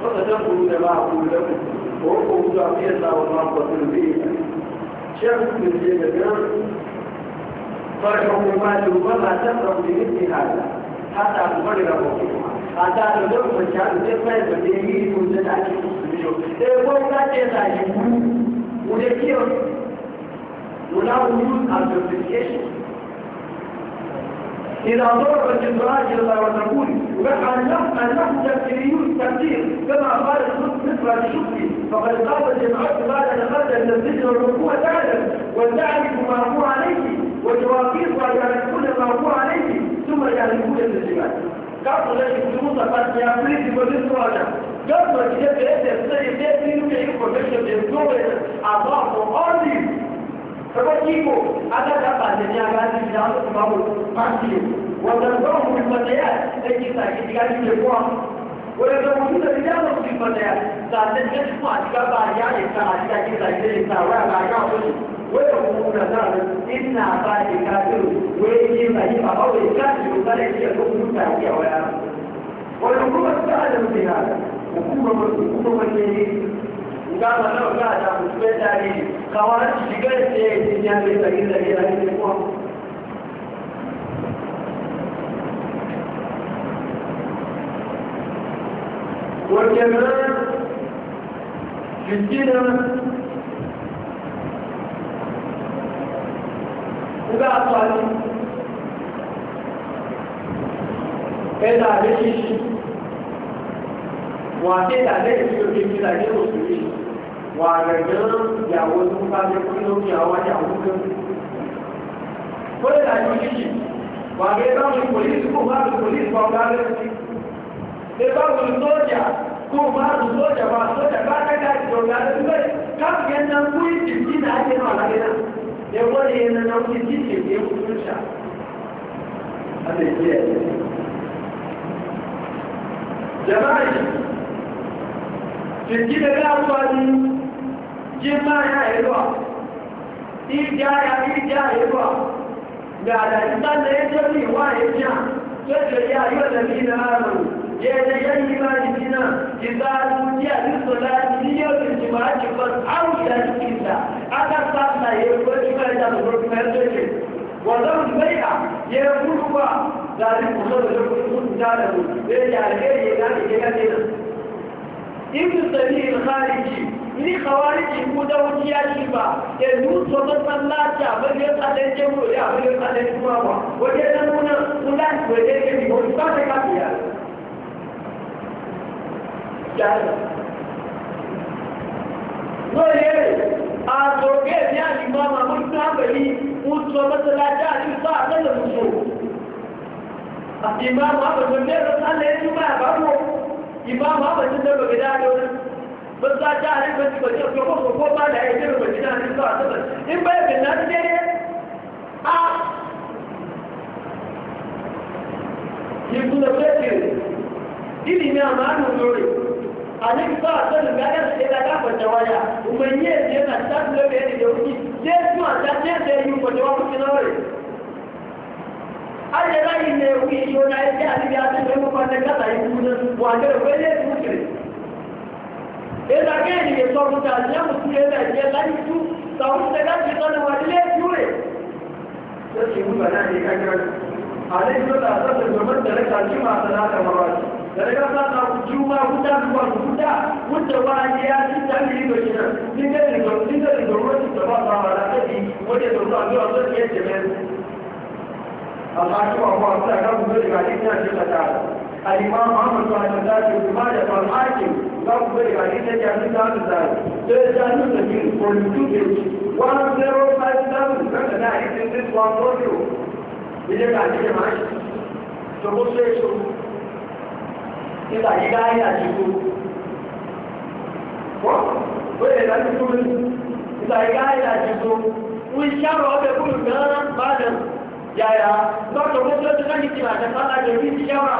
ko da zan kuru da ba ku da ko ko gudu a fiye da wa ma ko sun bi shan su je da ga farko ko ma da ba ba ta da gudu ne hada hada ko da ko kuma hada da gudu ko ta da sai da ne yi ko da ake su biyo eh ko ka ce da shi gudu ne kiyo will now use as justification. إذا ضربت امرأة إلى وتقول أنهم أنهم تكفيريون تكفير كما قال مصر الشكري فقد قامت امرأة بعد أن خرج من السجن والركوع تعلم وتعرف ما هو عليه وجواقيصها يعرفون ما هو عليه ثم يعرفون التسليمات. كافر لا يكتبون قد يعملون بالنسبة جربت يد يد يد يد يد يد يد يد يد يد يد يد kaba iko aka taba da ya ga shi da su ba mu fasi wannan zan mu fata ya da ke sa ki ga ki ko wannan zan mu fita da ya mu fata ya da da ke ku a ga ba ya ne ta a ga ki sa ki sa wa ba ga ku wannan mu na da inna ba ki ka ku we ki ma yi ba ba ka ki ku da ne ki ko ku ta ki wa ya wannan ba ta da mu ne ha ku ba ku ku kama nao kaza kutupenda hili kawachi kigese kinyame tagiza kila hili kwa والجماعة في السينما وقع صالح ẹ̀dà àdéṣíṣí wọ́n àti ẹ̀dà àdéṣíṣí òkè ìfìlà ní òṣèlú wà àyẹ̀dẹ́ ìyàwó tó bá jẹ́ kí ló ní àwọn àyàwó tó ń kó lè láti yìí wà àyẹ̀ báwọn pòlísì kò bá pòlísì kò bá rẹ̀ lè báwọn sójà kó bá sójà bá sójà bá kẹ́kẹ́ ìjọba rẹ̀ síbẹ̀ káàkiri ẹ̀nà kú ìdí sí náà yẹn náà láyé náà ẹ̀wọ́n ni ẹ̀nà náà kú ìdí sí èdè ẹ̀kú tó ṣà á lè jẹ́ ẹ̀ jirgi da gafuwani jima ya yawa ija ya ija yawa ga da isan da ya tafi wa ya ja sai ya yi wa da ni na amuru ya da ya yi ma da jina iza ya yi sola ni yau da jima'a ba au ya yi kinta aka sa na ya yi ko jima da ko kuma ya ce wannan bai'a ya kurwa da ni ko da ko da da ya ya ya ya ya ya ibn sabi al-khariji ni khawariji mu da wuciya shi ba da nu to da ba ne tsadan je mu ya ba ne tsadan kuma ba waje da nuna kula waje ke ni ko ba ta kafiya ya no ye a to ke ya shi ba mun ta bari mu to masallacha shi ba da ne ba ba mu imam ahmad da ba gida da wani ba za ta hari ba ci bace ko ko ko ba da yake ba gida ne to a tabbas in ba bin nan ne a ibn al-qasim ilimi amanu dole anin ba ta da ga da da ga ba da waya umman ne yana ta da ne da wuki sai kuma ta ce da yi har da zai ne wuyi shi wani aiki a cikin yasin da kuma kwanan kasa yi kudin wanda da kwanan ya tuke ya zage ne ya so mutane ya mutu ya zage ya zage su tsawon da gashi tsanin wani ne ture ya ce mu bana ne kan kan halin da ta sassa domin da rika ji masu nata mawaki da rika sa ta kuju ma kuta kuwa kuta kuta ba ne ya ci ta ne ga shi nan ni ga ni ga ni ga ni ga ruwan ta ba ba ba da ta ji wanda da ruwa zuwa zai iya ce mai amma shi ba kuma suna kan gudu daga cikin shi ta tara al'imam ahmad su hannun tashi kuma da farmakin za ku gudu daga cikin shi ta tara sai da shi ta jin kwalitu da shi wani zero five thousand kan da na yi cikin this one audio ilé ka ní ìmá wọ́n lè láti kúrò nígbà yí láyé àdìgbò wọ́n ṣàrọ̀ ọbẹ̀ yaya za ka mutu su kan hikima da fada da yi yawa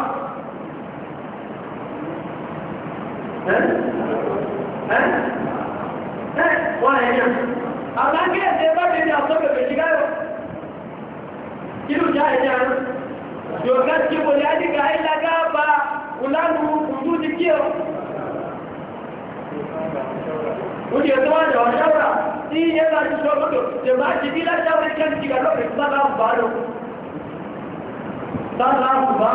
wọ́n yẹn àmá kí ẹ̀sẹ̀ bá bèèrè àtọ́bẹ̀ bèèrè gáyọ̀ kìlú já ẹ̀yà yóò gá tí kò lè ti kí ọ Kuje zuwa da wani shawara, shi yana shi so mutu, da ma shi bila shawara kan shi ga lokacin ba za mu ba da ba za mu ba,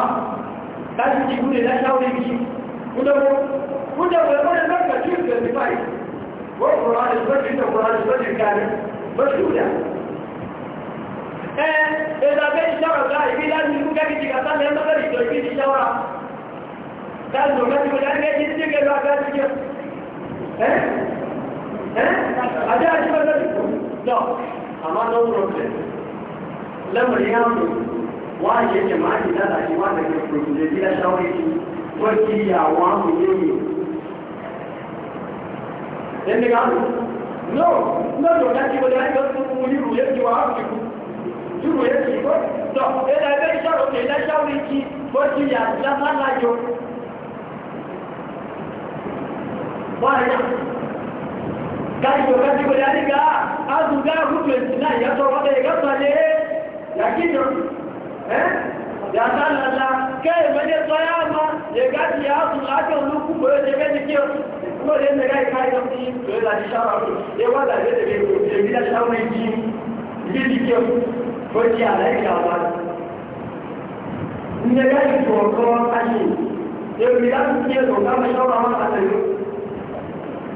ta shi ji gune na shawara ki, kuda mu, kuda mu yamma Eh? Eh? Ada ada ada itu. Dah. Amal no problem. Lemari yang tu, wah ye jemaah kita dah jemaah dah problem. Jadi dah syawal ini, wajib ya wah ini. Jadi kan? No, no, no, nanti boleh ada tu muli rujuk jawab tu. wáyà káyọ̀ kájí kò yáni ká azùgá rúbẹ̀ náà yàtọ̀ wọ́pẹ̀ ìgbàsọ̀lẹ̀ yàkíjọ yàtọ̀ lọ́la kẹ́yọ̀ mẹ́lẹ̀ sọ́yà ọmọ yẹ̀gá ti olúkú bọ̀ ẹ̀ jẹ́gẹ́ kí ọ kuma da yadda gai kayan fi to yana da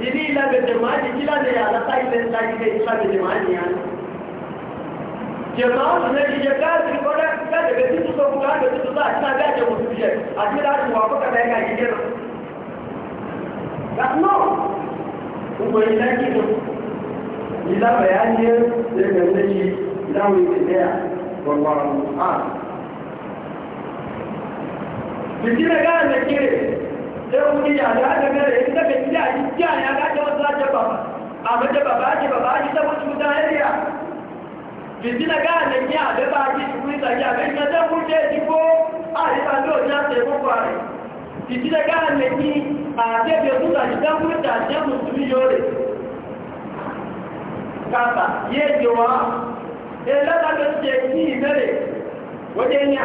ili ila bete maji kila ne ya lata ile ndani ile ila bete maji yani jamaa tunajije kazi kwa kazi bete tu kwa kazi bete tu za kila gaje mtuje akila tu wako kada ya kijero lakno uko ila kitu ila bayani ya gandeshi dawo ikendea wallahu ah Bikin gane kire sai kuma ya ga ga ga in da bai ya yi ya ya ga da wasu da baba amma da baba ji baba ji da wasu da yariya bitina ga ne ya da ba ji ku yi da ya ga na da ku je ji ko a yi ba do ya sai ko kware bitina ga ye jowa ela da ke ki mere wajen ya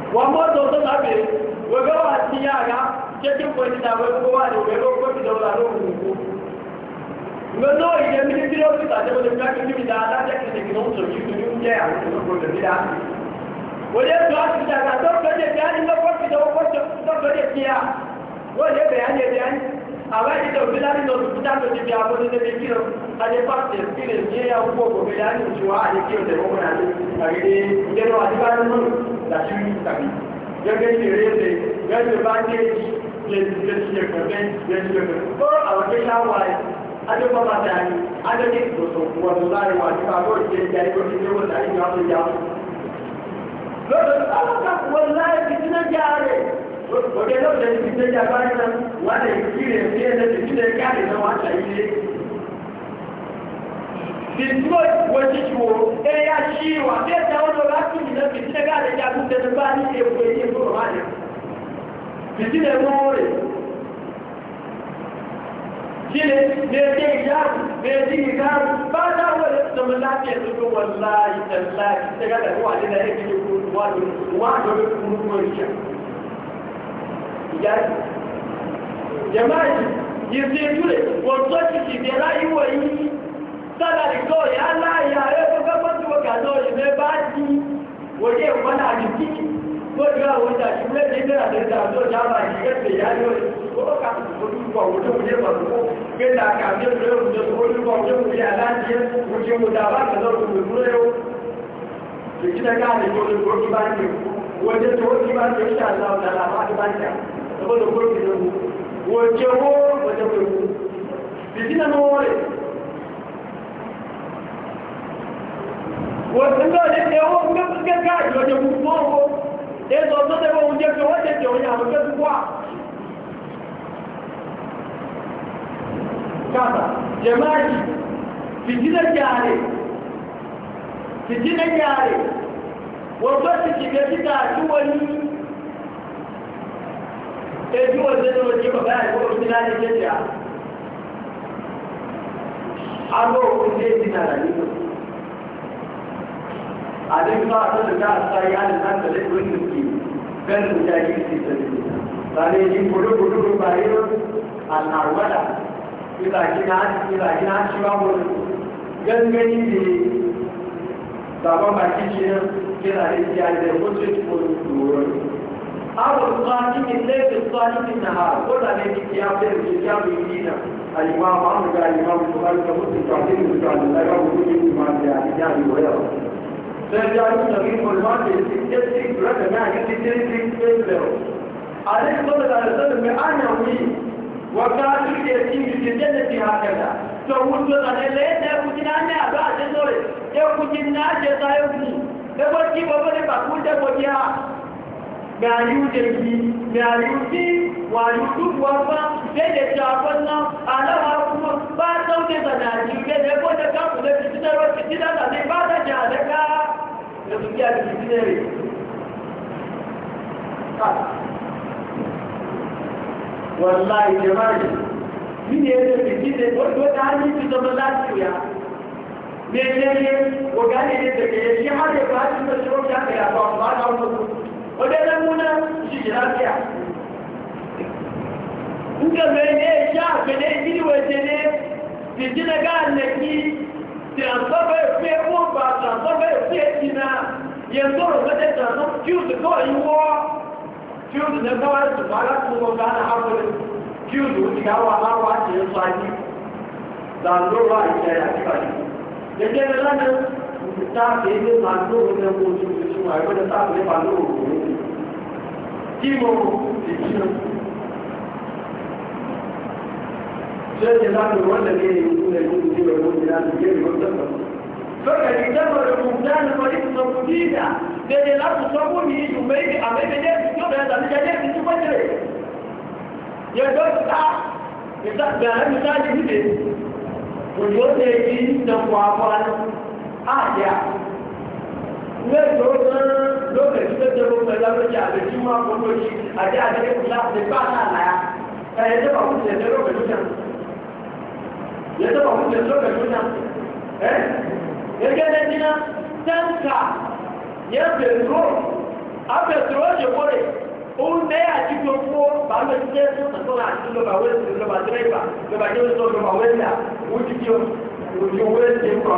wannan zaune na bai waga wasu yara cikin kwanci da wani kowa da gbogbo ìyẹ́ ní kíló ti tàbí ọdún gbájú níbi dáa láti ẹ̀kẹ́sẹ̀ kí ló ń sọ ti dàgbà tó gbẹ́dẹ̀ bí awai da bilani da rubuta da jibi abu da ne kira ale parte kire ne ya ko ko bilani juwa ale kira da mu na ne a gide da no adiba da mu da shi ta bi ya ga ni rede ya ne ba ke le le shi ka ben ya shi ka Porque não tem que ter a página lá da esquina, da esquina, da carne, não acha isso. Bìtúwò ìwòsíwò ẹ̀yà ṣíwò àbẹ́ta ọdún láti ìlú bìtínẹ̀gá àdẹ́jà tó tẹ́lẹ̀ bá ní èkó èyí tó rọ̀ wáyé. Bìtínẹ̀ mọ́ rẹ̀. Jílẹ̀ méjì ìyáàrù, méjì ìyáàrù, bá dáwọ̀ ìtọ́mọ láti ẹ̀tọ́ tó wọ́n láì tẹ̀lá ìtẹ́gá jari jamani yizindure watoto kibera iwo hii sana liko ya la ya yepo kama tuko kando imebaki wote wana alifiki kwa wenda shule ndio na ndio ndio jama yepe yayo kwa kama kwa wote wote kwa kwenda akaambia leo ndio wote kwa wote kwa alaji wote mtawa ndio kumuleo kitakaa ndio kwa kibani wote wote kibani inshallah na la hadi bani saboda kurbi da mu wace ko wajen kurbi fitina na wore wasu ga wajen ɗewo ga suka gaji wajen kusurwa ɗaya zaune da yawan wajen ga wajen ke wani Gẹ́gẹ́ ní ìdí ìgbàgbọ́n bàkí ṣe ń kí ìlànà ìdí ajẹ́ ó ṣe ìfòrò ìwòrán. أو القائم الليل الصائم النهار ولا نبي كتاب الكتاب يدينا الإمام أحمد قال الإمام البخاري كمسلم تعليم الإسلام لا يوم يجب ما في أحيان وغيره فجعلوا نبي المال يستجيب لك ما يستجيب له عليه الصلاة والسلام أنا ومين وقال اليتيم في الجنة هكذا فقلت أنا ليه تأكل أنا بعد ذلك تأكل الناس يا سايبني تأكل بابا لبقول تأكل yayudanki yayuki wayo duk wata sai da shafon nan alawa kuma ba sauke da najeriya da ko da kanku da fitinar wata gida da ne ba ta ji alaka da dukiya da fitinare wallahi ne shi ne yadda fitine wata hanyar fitar da lafiya me ne ne wa gane ne da ke shi har da ba shi da shi ya ba ba da wadannan muna shi lafiya in ka mai ne sha ka ne gini waje ne ti ji na ga annaki ti an saba ya fiye kuma ba an saba ya fiye ina yanzu da kada ta san kawai yi wa kiyu na kawai su fara kuma ba na hakurin kiyu wuce ya wa hawa ce ya tsaki a ita ya ba ne da ke da táàkì ilé máa lóòrùn lẹ́kọ́ ojú ìṣúná àìgbọ́dọ̀ táàkì lé máa lóòrùn kí mo lè jí lọ. ṣé ṣe láti wọ́n lè ní ìlú lẹ́kọ́ ojú ìṣúná ìwọ̀n ìlú láti gbé ìwọ̀n tẹ̀sán. lọ́kẹ̀ ní jẹ́kọ̀ọ́ rẹ̀ fún dáàni kan àjà lẹ́tọ̀ọ́ náà lókè tí tẹ́tẹ́ ló pẹ̀lú àlọ́jà àbẹ̀tí máa ń gbogbo yìí àjà àti ìkùlá àti báàlà àlàyà ẹ̀yẹ tó bá kú tẹ̀tẹ́ lókè tó náà yẹ tó bá kú tẹ̀tẹ́ tó náà ẹ̀ ẹ̀jẹ̀ lẹ́tí náà tẹ́ǹkà yẹ bẹ̀rù àbẹ̀tẹ̀rọ̀ ọ̀jẹ̀ kọ́rẹ̀ òun lé àdìgbò fún bàálù ìdílé tó tẹ̀sán àti lọ́ba wẹ́ẹ̀sì lọ́ba dírẹ́bà lọ́ba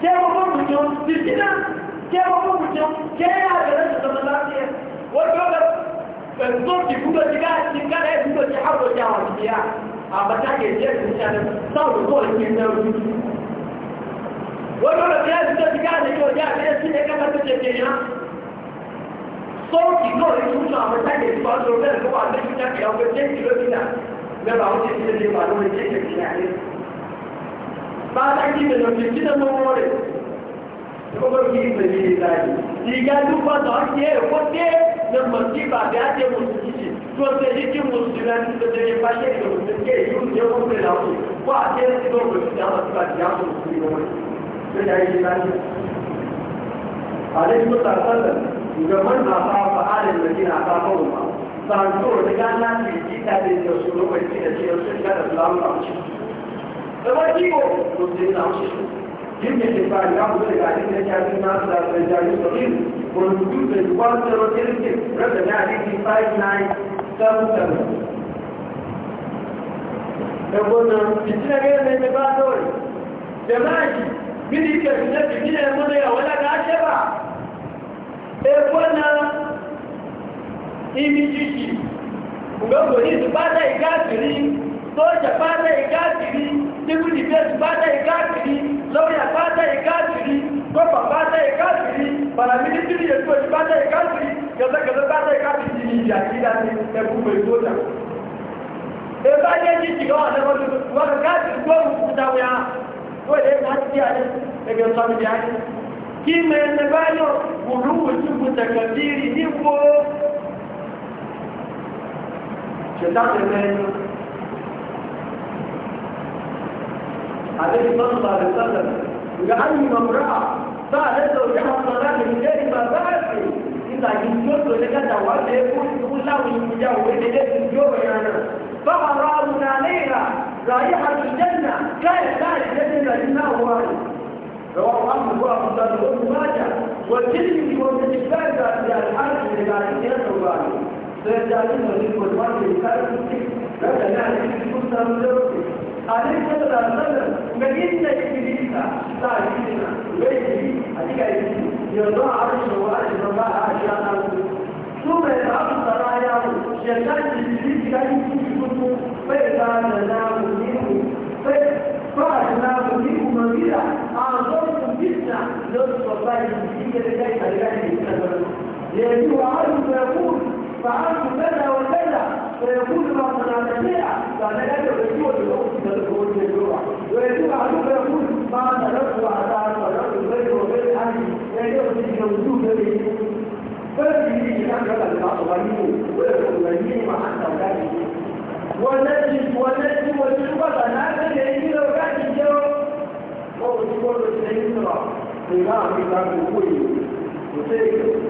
ke kuma mutum jikina ke kuma mutum ke ya da rashin zaman lafiya wato da zo ki buga jiga ki kada ya buga ki har wajen wasu biya a 把当地的那种实际的风貌什么各种历史遗迹在这里。你看，如果当年我爹能把这些古迹做这些记录出来，现在这些发现的东西，因为没有这哇，处，我爹是做不了的。这两处是一个问题，这点也简单。把这些古迹保存了，你们问他，他把阿里的历史啊、大了嘛，大宋的江山去记载的，就是我们记的，这些剩下的冷冷清。zama kiwo to sai na shi yin da ke fari ya kusa da ajin da ya fi masu da ya jari da yin kwanzu da kwan tsaro kirkin rasa na ajin 5977 da gwanon fitina gaya mai mai ba kawai da maki mini ke fitina fitina ya mana ya wala ga ashe ba e gwanon imi jiki ga gwani su ba da igafiri sójà bá tẹ́ ìkáàkiri civil defense bá tẹ́ ìkáàkiri lọ́wọ́yà bá tẹ́ ìkáàkiri gọ́pà bá tẹ́ ìkáàkiri paramilitary ètò ìbá tẹ́ ìkáàkiri gẹ̀ẹ́gẹ̀ẹ́ bá tẹ́ ìkáàkiri ní ìyà ìdá ní ẹgbùgbẹ̀ sójà ẹgbà jẹ́ jíjì lọ́wọ́ àtẹ́wọ́n wọn káàkiri gbọ́rù kútàwé á tó ilé káàkiri àti ẹgbẹ̀ sọmìdì á kí mẹ́rin bá yọ wùlúwù tí kùtẹ̀kẹ̀ bí rí ní wo mẹ́rin عليه صلى الله عليه وسلم يعلم امرأة فعلته بها الصلاة من غير ما بعث إذا جنسوت لك دعوات يقول يقول له يجاو ويجاو يجاو يعني فحرام عليها رائحة الجنة كانت لا الجنة إلا هو رواه أحمد وأبو داود وابن ماجه والترمذي وابن حبان في الحديث اللي بعد كده وبعد فيجعلنا منكم المرء الكافر لا تنعم في كل عليه الصلاة والسلام مدينة إبليسة لا يجينا ويجري أتيك يجري يرضى عرش وعرش رباء أشياء ثم يتعب الضرايا شيطان إبليس لا يجينا فإذا ننام منه فأجناه منه مريضا أعظمكم فتنة لو تصبحت في كده كيف يجري يجري وعرش ويقول فعلت كذا وكذا فيقول بعض الأنبياء فأنا لا يجوز الأمس بالقول بالجوع ويجوز عليك يقول ما نرد وعدان ونرد غير وغير عني لا يجوز الوجود به فهذه كان كذا المعصومين والمؤمنين مع التوكل ونجد ونجد وتشوفها نازل يجي لو كان الجو وهو يقول لك سيدنا الله في نعم كان يقول وسيدنا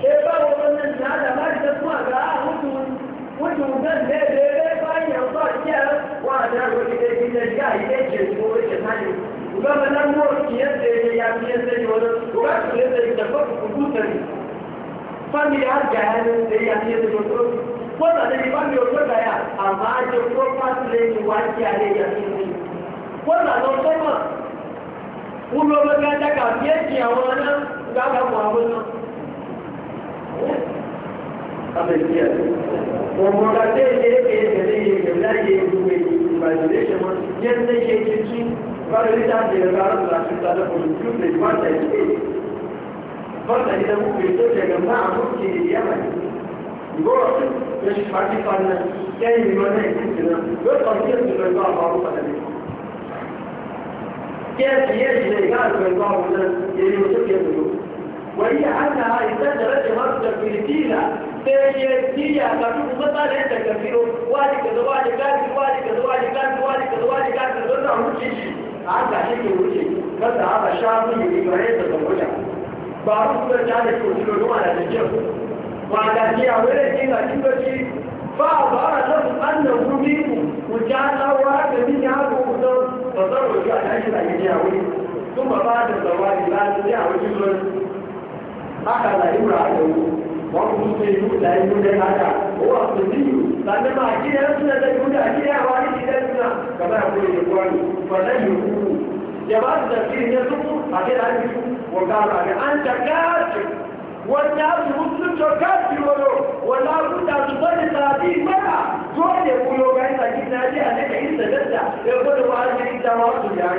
ẹgbẹ́ lọ, òwá sì lọ. Gbọ́dọ̀ níbi kà fi ẹ̀sìn àwọn ọ̀nà gbàgbà àwọn náà abẹ̀síyà ọmọdé tẹ́lẹ̀ ẹgbẹ̀rẹ̀ ìgbẹ̀láyé ìwé ìbàjẹ̀lẹ́ṣẹ̀ wọn jẹ́ tẹ́ṣẹ́ títí bárẹ̀lẹ́ta jẹ́rẹ̀ láàrín láti tàbí olùdíò lè wá tẹ̀lé fọ́nà ilẹ̀ wúkú tó jẹ̀rẹ̀ máa mú kí ìyàmà ìgbọ́rọ̀ lẹ́ṣù وهي أنها إذا درجة مرضى فلسطينة سيأتي أخذوا مطالع تكفير وذلك ذلك ذلك ذلك ذلك ذلك ذلك ذلك ذلك وجهي هذا شيء وجهي بس هذا شامي يبريد الوجه بعض الرجال يقولون على الجو وعلى دي أولا كنا تبكي فأظهر لهم أنه منه وجعل أوراق من هذا الوجه فضروا جعل أجل أيدي أولي ثم بعد الزواج لا تدعوا جزء haka da yi rayu wani kusa yi da yi da haka o wa yi ba ne ma ki da su da yi da ki da ba ni ki da su na ga ba ko yi ko ni ba da yi ku ya ba su da ki ne su ku a ke da yi ku wa ka ba ne an ta ka ce wanda su mutu to ka ci wolo wala ku da su ba ni ta ti ba ka ko ne ku yo ta ki na ji ne ka yi da da ya ko da ba ni ma su ya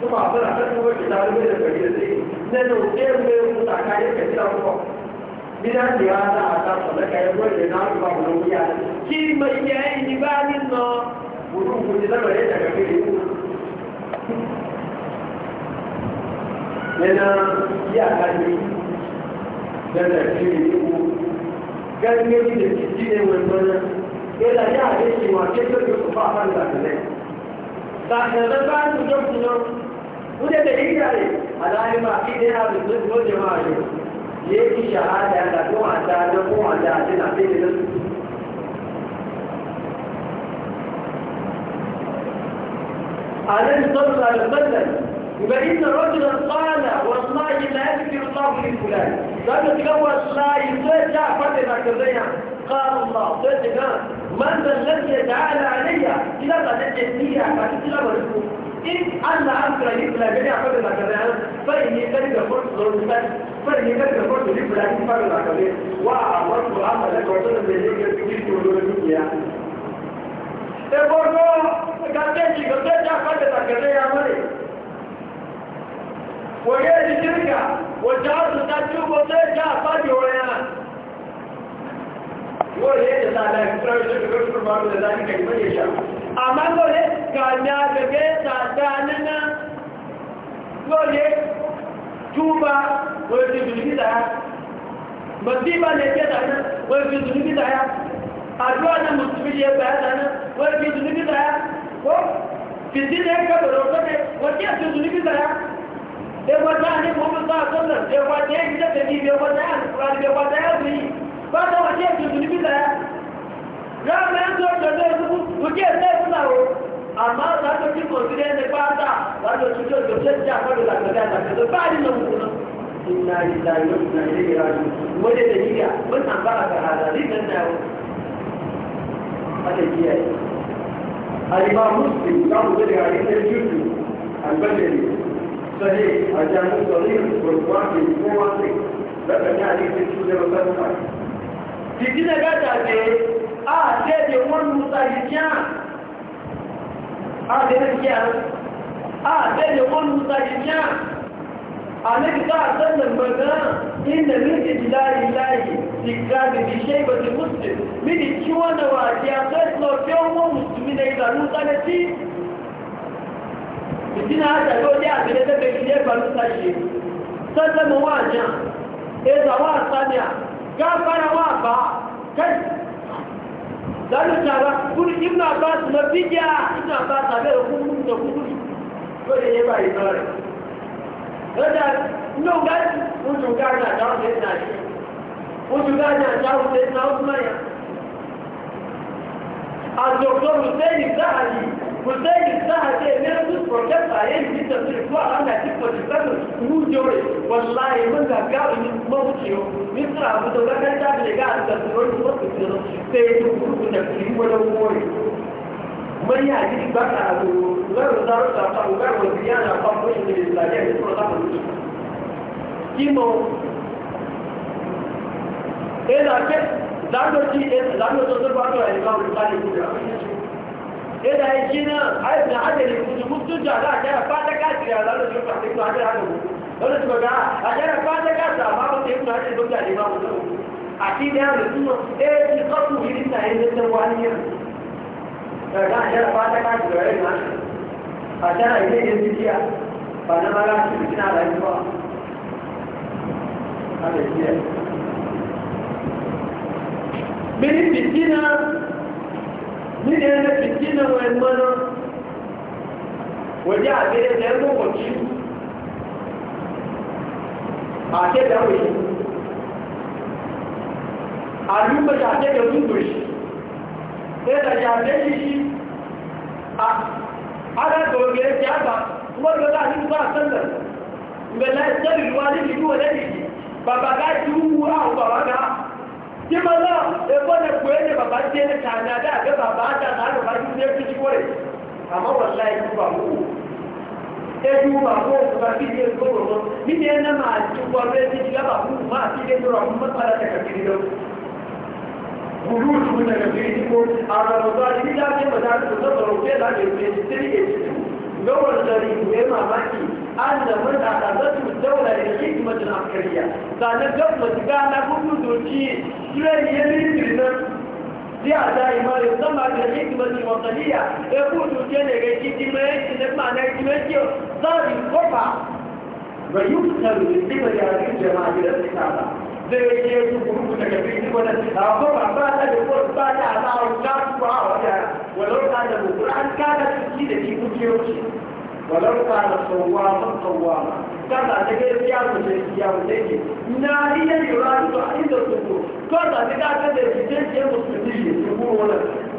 kuma abin a kan kuma kita wani da kari da zai na dauke mai mutu a kayan ka jira kuma gida da ya za a ta sa daga ya gwada na ku ba wani wuya ki mai yayi ni ba ni na wurin ku ji zama yadda ka kiri yana iya kalli da da kiri ne ku gangami da kiti ne wani mana yana ya ake cewa ke kai ku ba a fara da ne ba ka zaba ku don ku وده دليل عليه هذا ما في ده من ضد الجماعة يجي شهادة أن تكون عندها تكون عندها تنافيذ عليه صلى الله عليه وسلم يبقى إن الرجل قال والله لا يكفر الله من فلان قال تكوّل لا يتجع فتنا كذينا قال الله صدقا من الذي يتعالى علي إذا قد تجنيها فكذلك مرسوم إذ أن أمر لفلان يعمل الأكلان فإن يتجد فرص لوجدان فإن يتجد فرص لفلان يفعل الأكلان وأعرضت عملك وصلت إليك بجيش ولولا دنيا Eborno, gateji, gateji afade takare amale. Wage di shirka, wajaatu taju gateji afade orena. Wo ye da da, kura shirka kura maru da da ni kai mai sha. àmá lóòrẹ́ kàdà gẹ̀gẹ́ tàdà nínà lóòrẹ́ túbà orí ìdùnúkítà ya mọ̀tíbà lè jẹ́ tàdà orí ìdùnúkítà ya àdúrà náà mùsùlùmí yẹ bẹ̀ẹ́ tàdà orí ìdùnúkítà ya ó fìdí lẹ́ kẹ́bẹ̀rẹ̀ ọ̀tọ́kẹ́ wọ́n jẹ́ ìdùnúkítà ya ẹgbọ́ta ní mọ́mọ́sá àtọ́nà ẹgbọ́ta ẹgbẹ́ tẹ̀lé ibi ẹgbọ́ta yà Rárá ń tó jọjọ́ ìlú, ojú ẹ̀sẹ̀ ìfúnà o. Àmọ́ lájọ́ tí kò sí ní ẹni pátá, lájọ́ tí ó jọjọ́ ìjà pẹ̀lú làgbẹ̀dẹ̀ àgbẹ̀dẹ̀ báyìí lọ wù náà. Inna lillahi wa inna ilaihi raji'un. Wani da niyya, wannan ba ka hada, ni dan dawo. Hada jiya. Al-Imam Muslim ya rubuta da hadisin Yusuf al-Badri. Sahih, a jami'in Sahih, Bukhari, Muslim, da kan hadisin Yusuf al-Badri jikina gata ce a ce ce wani musa jikiya a ce na jikiya a ce ce wani musa jikiya a na fita a sannan baga inda miji jilayi layi jika da bishai ba su musulun miji ciwon da waje a kai tsofiyar wani musulmi da idanu tsanaci jikina hata yau ya fi da tafi shi ne ba musa shi sannan mawajen gafarawa ba kai zalunta ba kuri ibn abbas mafiya ibn abbas a bai hukumu da kukuri to da ya bayi tsare wanda nan gaji hujjun gaji a jawon da yana shi hujjun gaji a jawon da yana usmaniya a doktor hussein zahari Hussein Zahaje ne su protesta yin fitar su ko an da ci ko ta mu jore wallahi mun ga ga ni mu ci yo misra mu da ga ta da ga ta su ro ko su ci ro sai su ku da ki mu da mu yi mun ya ji ba ta abu lar da ta ta mu ga mu biya na fa ko shi da ya ne ko ta mu ci kimo ela ke dando ti dando todo para el lado del barrio yana yi shi nan a yi na hajjari mutunci a za a gyara fata kashi a zanen shi fata ibn hajjari hajjari wani su ga a gyara fata kashi a mafi da ibn hajjari don gane ma mutum a shi da yawon suna eh, ɗaya shi kasu yi na yi na san wani yin eh, da ni da yana fitina wani mana waje a gare da yanzu kwanci a ke da wai a duba da ke da zungur shi sai da ya ne shi a ana gobe ya ba kuma da za a yi ba sallar ga na tsari ruwa ne shi ko da shi ba ba ga ji ruwa jimala ebo ne kwe ne baba je ne kana da ga baba da na ba ji ne ki kore amma wallahi ku ba mu e ju ba ko ku ba ki ne ko ro ni ne na ma ju ba be ji ga ba mu ma ki ne ro mu ma fara ta ka ki do gudu ku ne ga ji ko a ga ba ji da ne ba da ku da ro ke da ne ne ti ne يوم الغريب إما مكي أن من أخذته الدولة للحكمة العسكرية فأنا قبل كان أقول دوتي سوري يمين بالنفس bí àdáyé máa lè sọ́mà àgbẹ̀lẹ́ ìgbìmọ̀tì wọ̀tọ̀líyà ẹkú òtútù ẹ̀rẹ̀ títí mẹ́rẹ́tì nípa àdáyé méjì ó sọ́ọ̀rì kọ́pà rẹ̀ yóò sọ̀rọ̀ ìdíbẹ̀rẹ̀ àti ìjẹ̀mà àgbẹ̀lẹ́ zai yi yi gudu daga birni wani abu ba ba ta da kuwa ba ta ba a wuta su ba a wata walau ta da gudu an kada su ci da ci kuciyoci walau ta da sauwa sun sauwa kada ta gaskiya ku ce ya ku ce na iya yi rani to a inda su ko kada ta ga ta da ci ce ce musulmi ne su guru wannan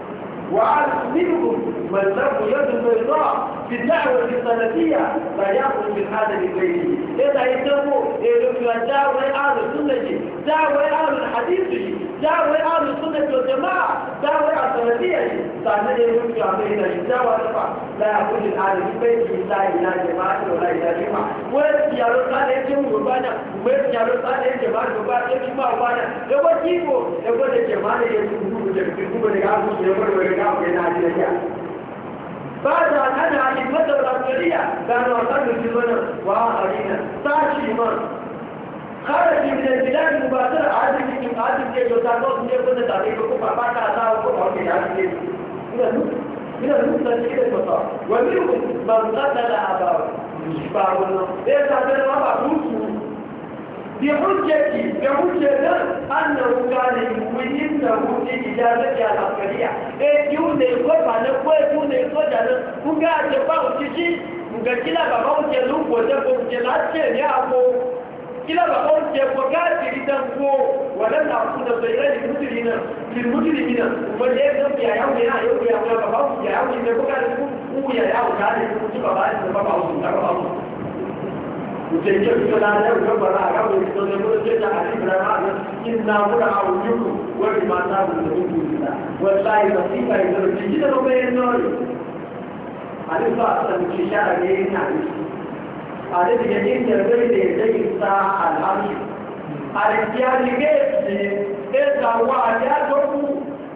وعلى منهم من له يد بيضاء في الدعوة السلفية فيأخذ من هذا البيت إذا يسموا دعوة أهل السنة دعوة أهل الحديث دعوة أهل السنة والجماعة دعوة السلفية فأنا يخرج عن بيت لا يخرج من هذا البيت لا إلى جماعة ولا إلى جماعة yaro ta da yake mu bana mu yaro ta da yake ba da ba yake ba bana da ba kibo da ba da jama'a da yake gudu da gudu da ga ku da wani wani ga ku yana ji da بعد أن أنا أجد مدى الأفضلية كانوا أقل الجبنة وآخرين ساشي من خرج من البلاد مباشرة عادل في عادل في الوزارة وصنية كنت تعطيك وكفا باتا أتاه وكفا في العادل من النقطة كده المطار ومنهم من قتل أباه يشبعون ليس بين ربع بحجتي بحجة أنه كان يمكن له إجازة على القرية يوم يقول أنا قوي يوم يقول أنا مجا أتباع وتشي مجا كلا بابا وتلو وتبا وتلا تشي يا أبو كلا بابا وتبا وتلا تشي ولن نأخذ بغير المجرمين للمجرمين ومن يكذب يا يوم يا يوم يا بابا يا يوم يا بابا kúkúyà yàwó káàdì fún tí bàbá àti bàbá òsùn kábà òsùn. Ìjẹ̀jẹ̀ ìjọba lẹ́rù lọ́gbàrá àgbàwò ìjọba ló ṣe ta àti ìbìrànà àná kí n náà múra àwọn yòókù wọ́n rí máa náà lòdì ní ìgbìmọ̀. Wọ́n ta ìlọ sí ìgbà ìjọba ìjì tí ló bẹ́ẹ̀ náà rè. Àlejò àtàlù ti ṣára ní ẹ̀yìn àlejò. Àlejò yẹn ní ìjẹ̀bẹ́ ilẹ̀ ẹ̀dẹ́yìn ta àlàáfíà. Àlejò yẹn ní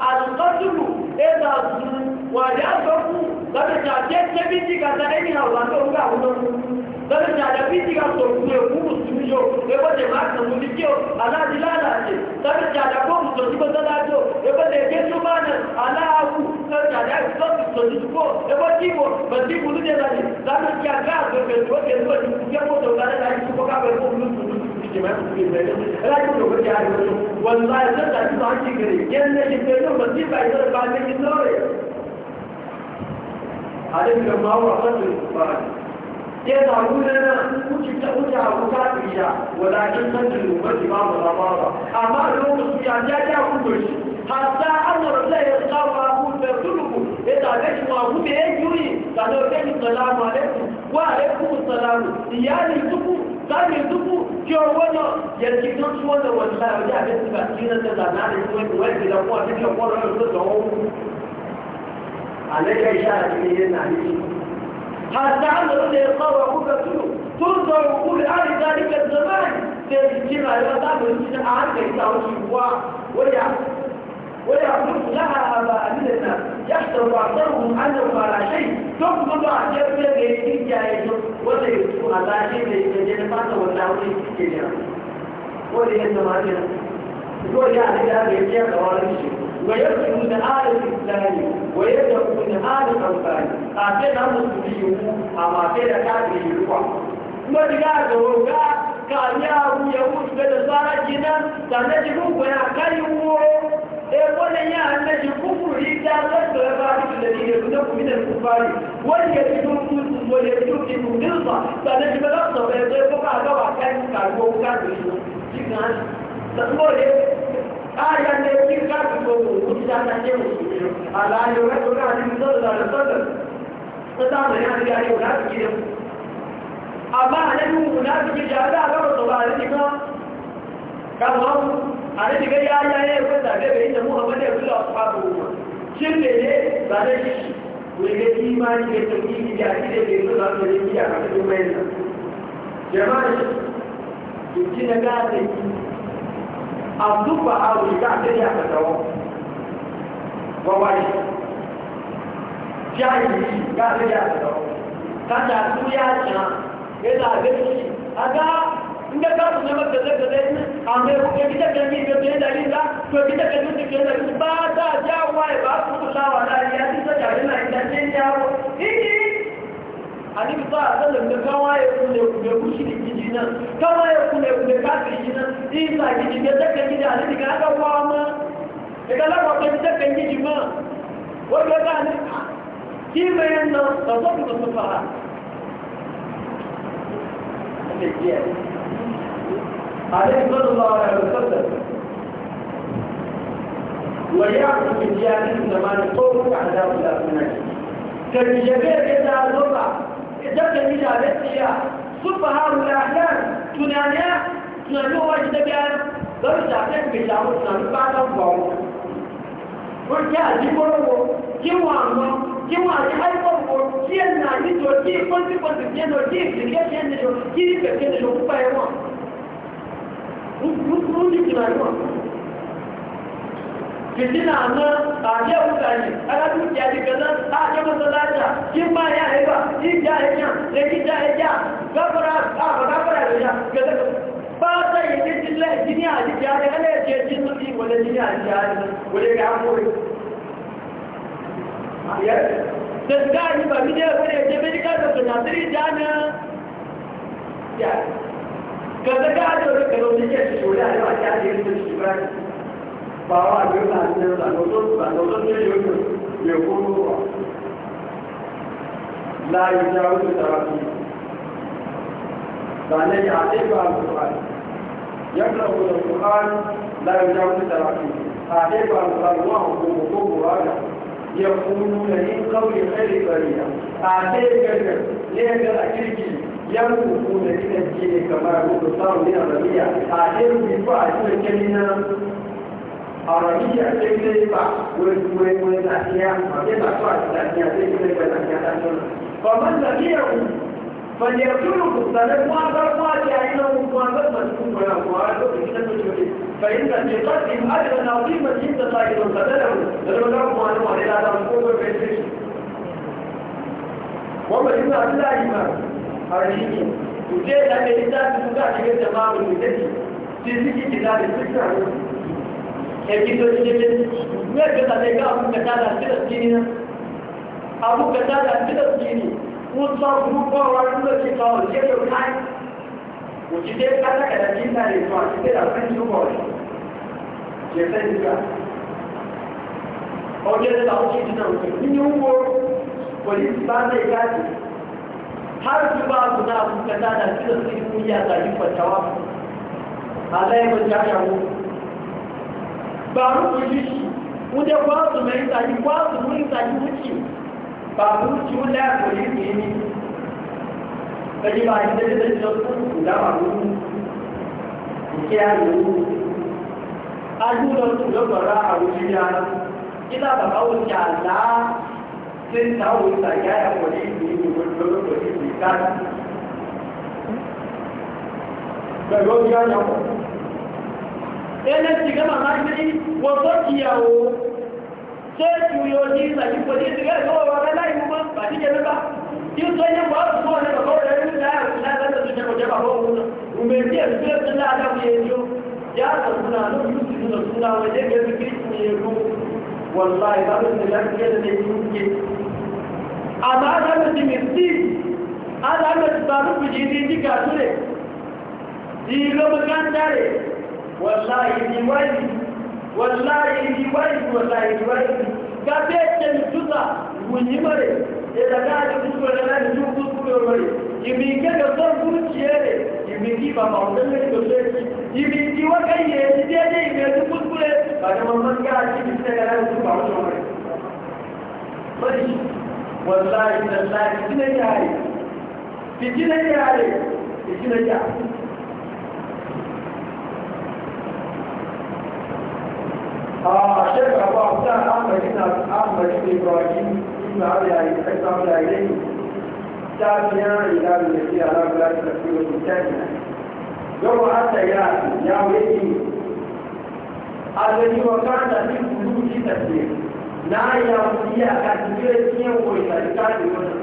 alƙasuru ɗaya su wa da ku ga da ta ce ce bi ka ta daraja da bidiga sosai ku musulmi yau ya bada mata mu kyau alaji lalace daraja da ko musulmi ba zalato ya bada ya kesu mana alahu daraja da ya kusa musulmi ko ya bada kibo ba ti kulu ne zai zanen ya ga a zobe to ke zuwa ji ku kyau da zane da ya kuka bai ko musulmi ke يدعوننا وجبت وجع وكافية ولكن من الأمة ما مغمارة أما اليوم الصيام جاء كلش حتى أمر لا يلقى معبود فيقتله إذا لك معبود يجري قالوا لك السلام عليكم وعليكم السلام إياني تبو ثاني تبو جوانا يلتقون شوانا والله وجاء بس بأسينا تزانان يقول وين إذا قوة تلك قوة رجل تزعون عليك إشارة من يدنا عليكم حتى عملوا لإلقاء وعقوب رسوله ترضى وقوب آل ذلك الزمان تجمع الأطاب والمسجد عنك يتعرض شبوع ويعرض لها أباء من الناس يحسب أعصرهم أنهم على شيء تقبض أعجب لك يتجاه وسيكتب على شيء ليتجاه فاتا والله يتجاه ولأنما هذا يقول يعني هذا يتجاه ولا شيء ويكتب آل الإسلام ويكتب imanin ansari a ce na musulmi yiwu a mace da kafin yiwuwa kuma diga ga roga ka yahu yahu ga da tsara gidan da na ji rubu ya kai wuro eh wannan ya annabi kufuri da zai da ba da dalilin da kuma da kufari wani ya fito musu wani ya fito ki dinsa da na ji ba da ba ya ko ka آية التي كانت مجدة تجمع على أن يرد النبي صلى الله عليه وسلم تتابع يعني أن يولاد كده أما أنه منافق جاءنا أمر الله عليهما كما عليه بي آية يفتح بي بيت محمد يقول أصحابه شرك ليه بعد شيء ويجي إيمان يتوكيد جاهزة بيقول الله عليه وسلم جماعة يمكن أن àdúgbà àwòrán àtẹ́yà àtẹ́wọ́ wọ́wáyé tí a yìí ga àtẹ́yà àtẹ́wọ́ kájà tó yá àjá ẹ̀là àgbẹ̀sí àgá ndẹ́gbà tó nẹ́mọ̀ tẹ́lẹ̀tẹ́lẹ̀ àwọn ẹgbẹ́gbẹ́ ní ìgbẹ̀gbẹ̀ ẹ̀dà yíká tó ẹgbẹ́gbẹ́ tó ti kẹ́lẹ̀ tó bá dáa jáwọ́ ẹ̀bá tó láwà láàrin àti sọ́jà rí náà ìdájẹ́ jáwọ́ annabi ba a zallar da kawa ya kule kule kushi da gidi nan kawa ya kule kule kafin gidi nan isa gidi ya zaka gidi a nabi ka kawo ma daga lafa ka zaka gidi ma wanda ka ne ki bayan nan ba zo ku su fara عليه صلى الله عليه وسلم ويعرف بديانة زمان قوم عذاب الأبناء كان يجبير كذا الوضع جبت المجالسية صف هؤلاء أحيان تنانيا تنانيا واجد بيان لو شاكين بيشاو تنانيا بعد أبوه wọ́n jẹ́ àdígbòròwò kí wọ́n àmọ́ kí wọ́n àti àìkọ̀wò kí ẹ̀ nà nítò kí pọ́sípọ́sì kí ẹ̀nà kí ìsìnkẹ́kẹ́ ẹ̀nà kí ìpẹ̀kẹ́ ẹ̀nà kúpa ẹ̀wọ̀n fitina na aje mutane ana dukiya ji kaza a je masalaja kin ba ya yi ba kin ja ya ja ne ya ja gafara a ba gafara da ja kaza ba ta yi ne jilla jini a ji ja ne ana ya ce jin ba wa a gina a cikin zangoton zangoton ce yiwu ne kuma na yi ta wuce ta ba ne ya ce ba a kusurari yadda na kusa na yi ta wuce ta rafi ta ce a kusurari wa kuma ko kuwa ga ya kuma da yin kauye kare kare ya ta ce gajar ne ga kirki yan kuku da ina ce kamar kusurari a rafiya ta ce rubutu a cikin kyanina ọ̀rọ̀ yìí ṣe àtẹ́gbẹ́ nípa wẹ́wẹ́wẹ́ tàbíyá ọ̀dẹ́gbà tó àti tàbíyá tẹ́gbẹ́ tàbíyá tàbíyá. Bàbá tàbíyà kù, fàyẹ̀ kúrò kù tàbí fún agbáfún àti àìlọ́ fún agbáfún fún ìgbàlá fún agbáfún ìṣẹ́ tó ṣe. فإن الشيطان أجل عظيما جدا لا يتبدله لأنه لهم معلومة إلى أن أقوم بالفيش وما يبقى بالله ما أرجيني وجاء لك إنسان تسمع لك التمام المدني تزيكي كتاب الفكرة 那几天，我觉着那个阿木哥家的车挺牛，阿木哥家的车挺牛，我早上五点往那个汽车站直接开，我直接开到给他金泰里转去了，分酒喝了，也分酒了。我觉得老司机那种牛不，我一般没开，他一般不拿我们家那几十块钱和一块钱，他再一块钱也不。ba rufe shi wanda ba su mai tsaki ba su mai tsaki kaji ba inda da zai zai kuma da ba rufe da bara a wuce ya ina ba kawo ya ya koyi ne ne wanda ya koyi ne kan ẹlẹ́ ti gẹ́mà máa ní wọ́n tó ìyàwó tó ètù yóò ní ìsàkíkò ní ìsìnkẹ́ ìfọwọ́ wa rẹ láì mọ́ bàtíjẹ́ mẹ́fà tí ó tó yẹ pọ̀ fún ọ̀rẹ́ bàbá rẹ̀ ní láàrín láàrín láti ṣe kọjá bàbá òun náà òmè tí ẹ̀rù tó ti láàdá fún yẹn yóò yá àtọ̀tún náà ló yóò sì nínú ọ̀tún náà wọ́n jẹ́ gẹ́gẹ́ bí kí ni ẹ̀rù wọ́n láì bá lóṣù láti gẹ́gẹ́ lè ní ìyẹn àmà ádámẹ́ ti mi sí ádámẹ́ ti bá lóṣù yìí ní ìdíkà tó rẹ̀ di lọ́mọ káńtà rẹ̀ والله يجيبني والله يجيبني والله يجيبني قابلت الجزء ونمري إذا كان يجب أن لا يجب كل مري يبيك يصير كل شيء يبيك بابا ودلك يصير يبيك وكي يجب أن يجب كل مري بعد ما من قاعد يجب أن لا يجب بعض مري مري والله والله فتنة جاري فتنة جاري فتنة جاري Şeyh Ebu Abdel Ahmet'in Ahmet İbrahim İbn-i Arya'yı tekrarla eyleyin. Kâfiyâ ilâb-ı Nefî alâ gülâb-ı Nefî ve Mükemmel. Yolu hatta yâdî, yâvî Hazreti Vakan'da bir kuru iki tesbih. Nâ yâvîyâ kâdîkü etkiyâ koysa ikâd yukarı.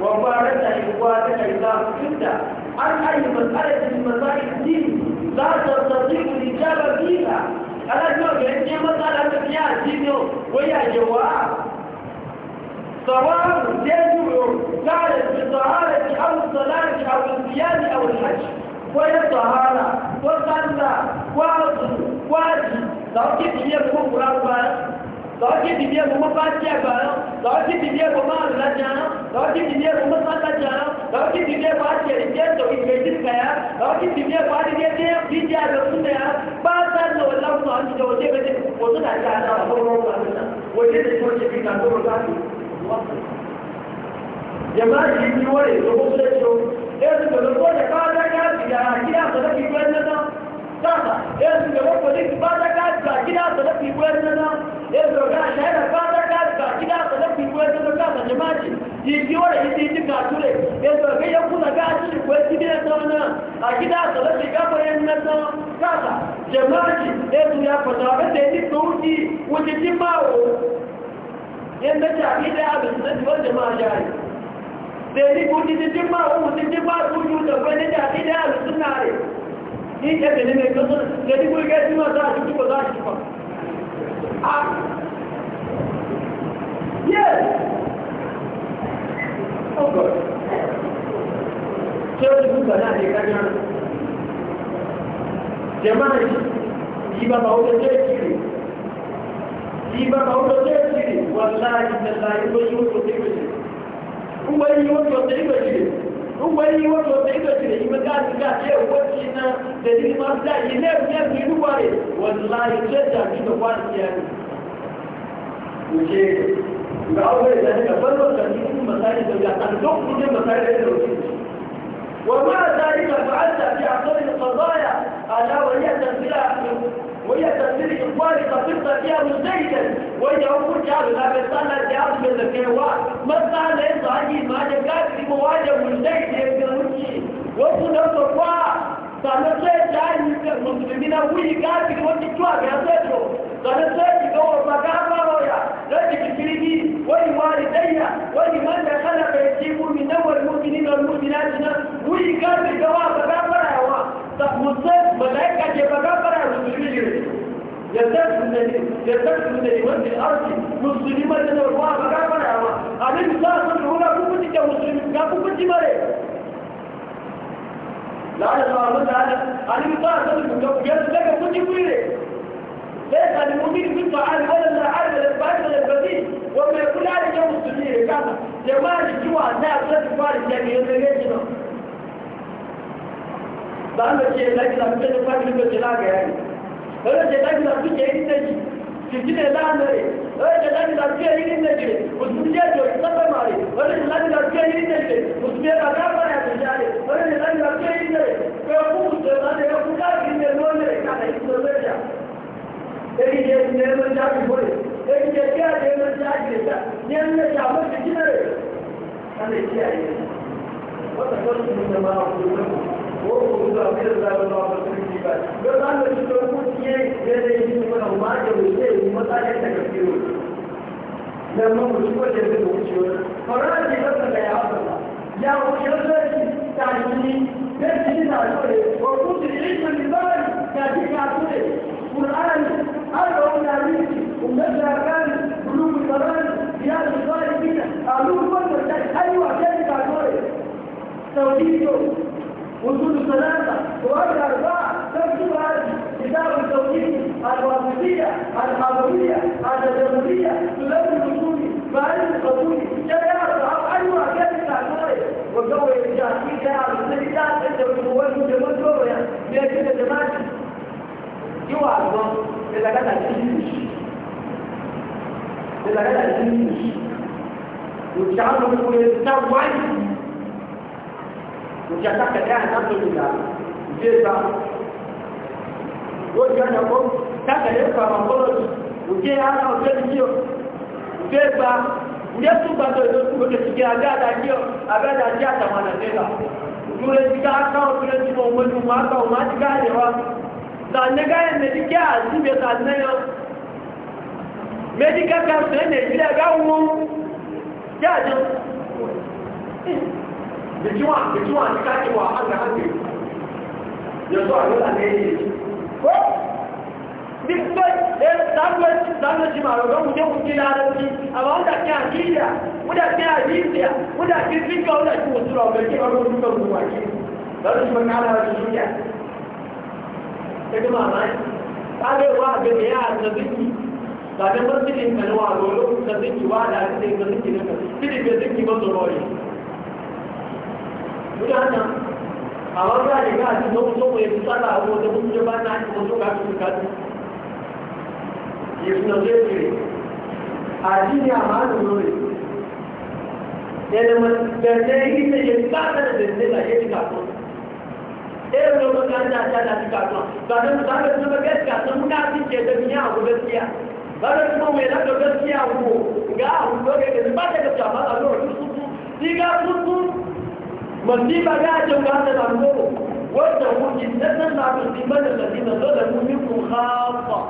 Vakarınca ikvâdaka ikâb-ı Kütte. Ar-Kayyı mesâretin mesâretin zâd-ı tazîk-ı icâb-ı alájọ́ rẹ̀ ń jẹ́ mọ́sára tafiya àjíjọ wóyà yẹ̀wà سواء يجب تعرف بطهارة أو الصلاة أو الصيام أو الحج وهي طهارة وصلى وعظم واجب لو كنت هي بكم قرآن lọ́ọ́jì dìde ẹ̀kọ́ bá jẹ́ ẹgbàrán lọ́ọ́jì dìde ẹ̀kọ́ bá rẹ̀ lájàrán lọ́ọ́jì dìde ẹ̀kọ́ bá sátájàrán lọ́ọ́jì dìde ẹ̀kọ́ àti ẹ̀jẹ̀ tó ìgbèjì kẹ̀yà lọ́ọ́jì dìde ẹ̀kọ́ àti ẹ̀jẹ̀ dídí àlọ́kùnrin yà bá sáré wọn lọ́kùnrin àti ìjọba ọjọ́ ìgbèjì òtún àti àtàwọn ọmọ ọmọ ọmọ ọmọ ọmọ ìyàrá kí àtọ́lọ́kì fún ẹ̀ṣọ́ sasa yeye singeweza polisi ga kazi da kila sababu ikwenda na yeye zoga shahada ga kazi da kila sababu ikwenda na sasa jamaji ikiwa hizi ka tule yeye zoga yeye kuna gaji kwesi bila sana akida sababu kama yeye na sasa jamaji yeye ya kwa sababu tena tuji ujijimao yanda ta akida abin da jama'a jari da ni ko ni jimma ko ni jimma ko ni da wani da akida abin sunna ni ẹ̀sẹ̀ nínú ẹgbẹ́ tó lẹ́dí kó gẹ́ sí máa dáa ṣùgbọ́n dáa ṣùgbọ́n yes oh god ṣé ó ti gbúgbà náà ní ìkájá jẹ́máà yìí bàbá ó lọ jẹ́ ìkiri yìí bàbá ó lọ jẹ́ ìkiri wà láàrín ìjẹta ìgbóyí ó tó tẹ́ ìgbèjì wani wato da ido ce yi maka ga ce na da ni ma da yi ne ne ni duwa ne wallahi ce da ni da kwani ya ni ce ga aure da ka farko da ni kuma sai da ga an duk kuma sai da rubutu ومع ذلك فعلت في أعظم القضايا ألا وهي تنزيل وهي تنزيل إخواني قصيدة فيها مزيدا وهي أقول شعب لا بيستنى الجهاز من الكيوان ما استنى يطلع عندي ما جاءت في مواجهة مزيدة يمكن أن وصل الله sannan sai ta yi musulmi na wuyi gafi wani tuwa ga zato sannan sai ki ga wata gafa waya zai ki kirgi wani walidayya wani man da kana bai ci mu'min na wal mu'minin wal mu'minat na wuyi gafi ga wa ga gafarawa musal malaika ke ba gafara musulmi ne ya tafi da ne ya tafi da ne wanda arzi musulmi la'ana mutane alimta da su ga daga kuji kuire ليس المؤمن بالطعام ولا العدل البعيد البديل وما يقول هذا جو السنية كما جماعة الجوع الناس لا تفارق يعني يتغيجنا بعمل شيء لكن لا تفارق لك الجلاجة يعني فلا شيء لكن لا تفارق يعني تجي تجي لا أمري جلال لڑکیاں ہی نہیں دیکھے اس میں جو سب ہمارے اور جلال لڑکیاں ہی نہیں دیکھے اس میں ادا بنا بچارے اور جلال لڑکیاں ہی کرے بیوقوف جلال پورا دن میں لوگ نے کہا نہیں تو لے جا لیکن یہ میرے من جا کے بولے لیکن یہ کیا میرے من جا کے دیتا یہ میں جا کر کسی نہ رہے ارے کیا ہے وہ تو کچھ نہیں جمع ہو وقل رضي الله الله ورسوله بعد بمعنى الشكر قلتيه لدي يجبنا وما يوشيه ومتى يتكفرون لما مشكوة جزء مشكوة فرأتي بسنا يا عبد الله يا مشكوة تعليمي نفسي تعليمي وقلت العلم بالبعض كاتب عبده قرآن أربع نعمتي ومدى كان بلوغ القرآن رياض الصالحين أعلوم فضل أيوة كاتب عبده توحيده وجود ثلاثة وأرض أربعة تكتب هذه كتاب التوحيد الواسطية الحضورية التجربية تلبي وجودي معرفة قبولي شريعة الصحابة أيوة كانت تعترض والجو يرجع فيه كان على السبيلات أنت والموال والجمال جوه يعني هي كده جماعة جوه على الوقت إذا كان هتجيش إذا كان هتجيش وتشعروا بالتوعي já hoje está o o não Mujataka naye alhamdulillah ujeza wojana ko taka dia mangoloji uje ana ujezi ndio ujeza uje tu bado ndio tukote sikia agada ndio agada hata mwana tena yule zikaka yule zipo mwezi mwaka umati gani wa zanega medikia zibe zanega medikia ka sene bila gawo jajo bikiwa bikiwa ni kake wa hanga hange yanzu a yola ne yi ko dikkai eh dalwet dalwet ma ro mu je mu ji larabci amma wanda ke akida wanda ke hadisiya wanda ke fika wanda ke usura ga ke aro duka ruwa ke dalwet ma na ala shi ya kuma mai kale wa ga ya annabi da da masjidin kanwa ga lokacin da zai wa da zai ga zai ga zai ga zai ga zai ga zai lórí de àwọn ọjọ́ àyíká àti ìdókòó tó wọ̀nyẹ̀ tó ele àwọn ọjọ́ tó ń jọba náà àti ọjọ́ káàtó tó káàtó ìrìnà tó èrè àti ní àmàlù lórí ẹnìmọ̀ bẹ̀rẹ̀ ilé ìgbà tẹ̀lé bẹ̀rẹ̀ láyé de kàtó ẹ̀rọ lọ́wọ́ ká ń dá ajá láti kàtó bàtà tó no bẹ̀rẹ̀ tó bẹ̀rẹ̀ kàtó mú náà ti jẹ ẹ̀dẹ̀ ní àwọn bẹ̀rẹ̀ kíá bàtà tó mú ẹ̀dá tó bẹ̀rẹ̀ kíá wò lugar àwọn lórí ẹ̀dẹ̀ bá tẹ̀lé tó àmàlù lórí tuntun مصيبة جاءت وكانت تنظره وانتهوا جدا مع مصيبة الذين ظلموا منكم خاصة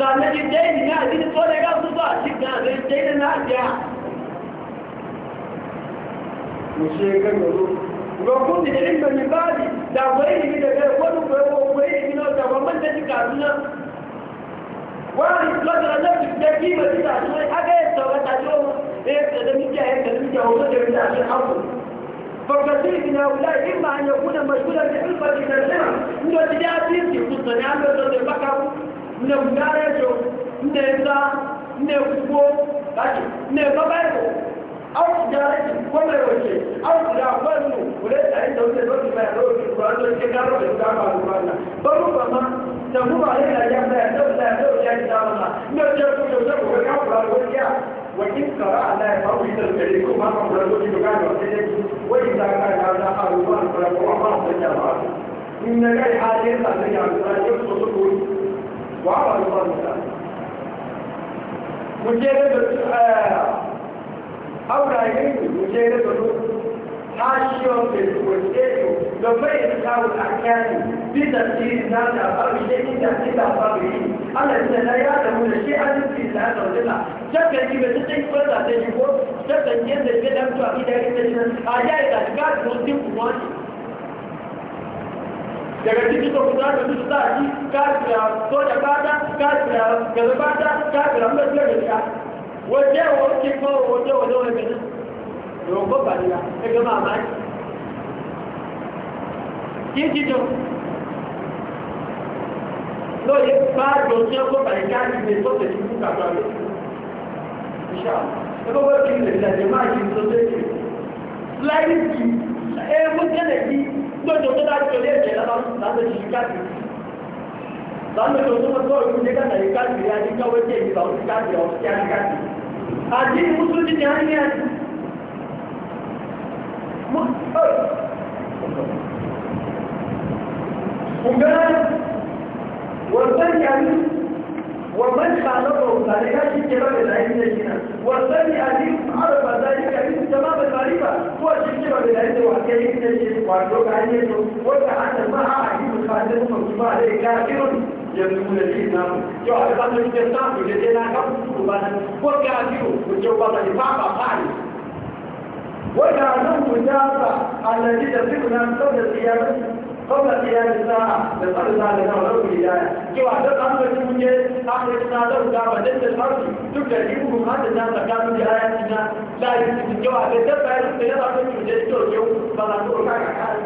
فأنا جدين ما أدين الطولة قال صفا شكنا جدين ما أدين وشيكا يقول وكنت العلم من بعدي دعوين من الأول ووين من الأول ومن تلك عدنا وعلي قدر نفسك تكيمة تتعشوين حاجة يستوى تعشوه ايه تدمي جاهل تدمي جاهل تدمي جاهل تدمي فكثير من هؤلاء إما أن يكون مشغولا بعلمة الشرع من الجاهلين في خصوصا يعني لو تبكوا من المدارس من الإنسان من الكبور من الكبائر أو تجارته كما يوشي أو تجارته وليس عنده من الوقت ما يدور في القرآن والكتاب والكتاب والكتاب فربما تمر علينا أيام لا يدور لا يدور إلى كتاب الله نرجع كل يوم ونكفر على الوجه وإن قرأ لا يفوت الكريم ما هو الذي يقال وكذلك وإذا كان هذا حرما فهو بعض الجماعة إن غير حاجة أن يعمل يبسط وعلى الله مجرد أولى مجرد partial is forsaken, the way is out of canon. This is not a family, this is a family. Allah said, I am going to share this is not a villa. Just as you were sitting further than you were, just as you were sitting up to a bit of a idea that God will do one. daga cikin kwakwuta da su za a ci kafira soja fata kafira gaba fata kafira mai tsirriya wajen wa ke kawo wajen wajen wajen ìwọ̀n kó bàdìyà ẹgbẹ́ máa máa kí jíjọ lóye bá tí ó kó bàdìyà ní ilé tó tẹ̀lé fún kàtó àgbẹ̀ ìṣà ẹgbẹ́ kí ilẹ̀ ìlàjẹ̀ máa kí tó tẹ̀lé láyé kí ẹ mú tẹ́lẹ̀ kí lójó tó dájú tó lé ẹ̀jẹ̀ lábẹ́ ṣì káàkiri láti tó tó tó ìlú ní kàtàkì káàkiri adíkáwé tẹ̀lé ìgbà òṣìkáàkiri ọ̀ṣìkáàkiri àti mùsùlùmí ni a ní àti وكان والثاني أليم ومن خالفه ذلك في كتاب العلم لكنا والثاني أليم عرف ذلك من تمام المعرفة هو شكتب بالعلم وحكيه من الشيء وعجوك عنيته وتعالى ما عاجب الخالف مكتوب عليه كافر يبدون الإسلام يعرف أن الإسلام يجدنا كفر وكافر وجواب لفعل فعل وجع نوم جافا على جد سكنا قبل القيامة قبل القيامة الساعة لقد قال له له الهداية كي وعد الأمر يقول أخر السنة له جافا جد الفرق تكلمه هذا الناس كانوا في حياتنا لا يمكن كي وعد الدفع الاختلاف عن كل جد الجو فلا نقول معك حال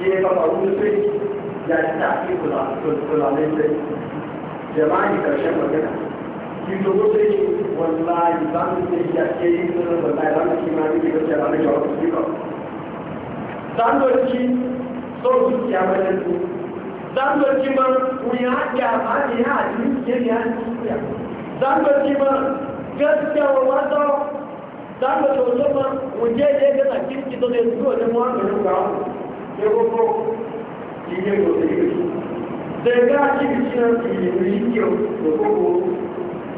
يا بابا أقول لك لا تستعطيك كل عليك جماعي كرشان وكذا Ìjọba ṣe wọ̀nà ìbánisẹ̀ ìjàkẹ́ ìṣẹ́lẹ̀ wọ̀nà ìjẹ́. Sáńdọ̀jì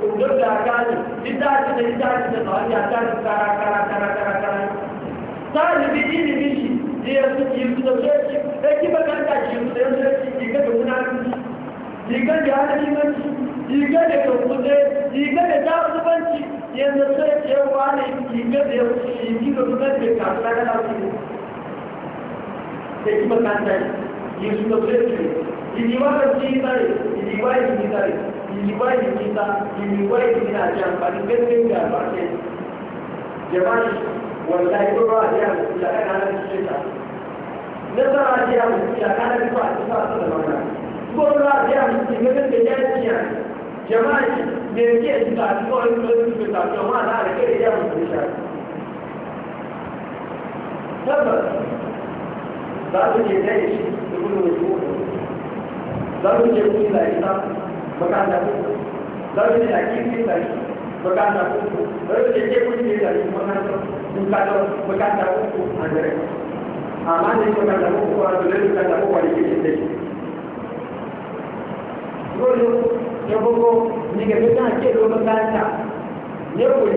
kundin da aka ne littafi da littafi da tsawon ya ta su kara kara kara kara kara talibi ilimin shi da ya su yi su da soci da ki ta shi su da ya soci ki ga da wuna ki ga da halimanci ki ga da kankuje ki ga da tasubanci yanzu sai ce wani ki ga da ya wuce ki ga da kasuwa da lafiya da ki makanta shi il suo perché, il divario di Italia, il divario di Italia, il divario di Italia, il divario di Italia, c'è un parimento in gara, perché Giovanni والله يقول راح يعمل إلى كان هذا الشيطان نظر راح يعمل إلى كان هذا الشيطان يقول راح يعمل إلى كان هذا الشيطان جماعي من جهة تعطيقه المدرسة بالتعطيق وما هذا كده يعمل الشيطان سبب za su je kai shi da gudun wasu za su je kuɗi da ita bakanta kuɗi za su je a kifi da shi bakanta kuɗi za su je kuɗi da shi da dukkanin bakanta kuɗi a gare amma ne bakanta kuɗi ba su da bakanta kuɗi da ke cikin shi dole ya gogo ni ga dukkan ke domin bakanta ne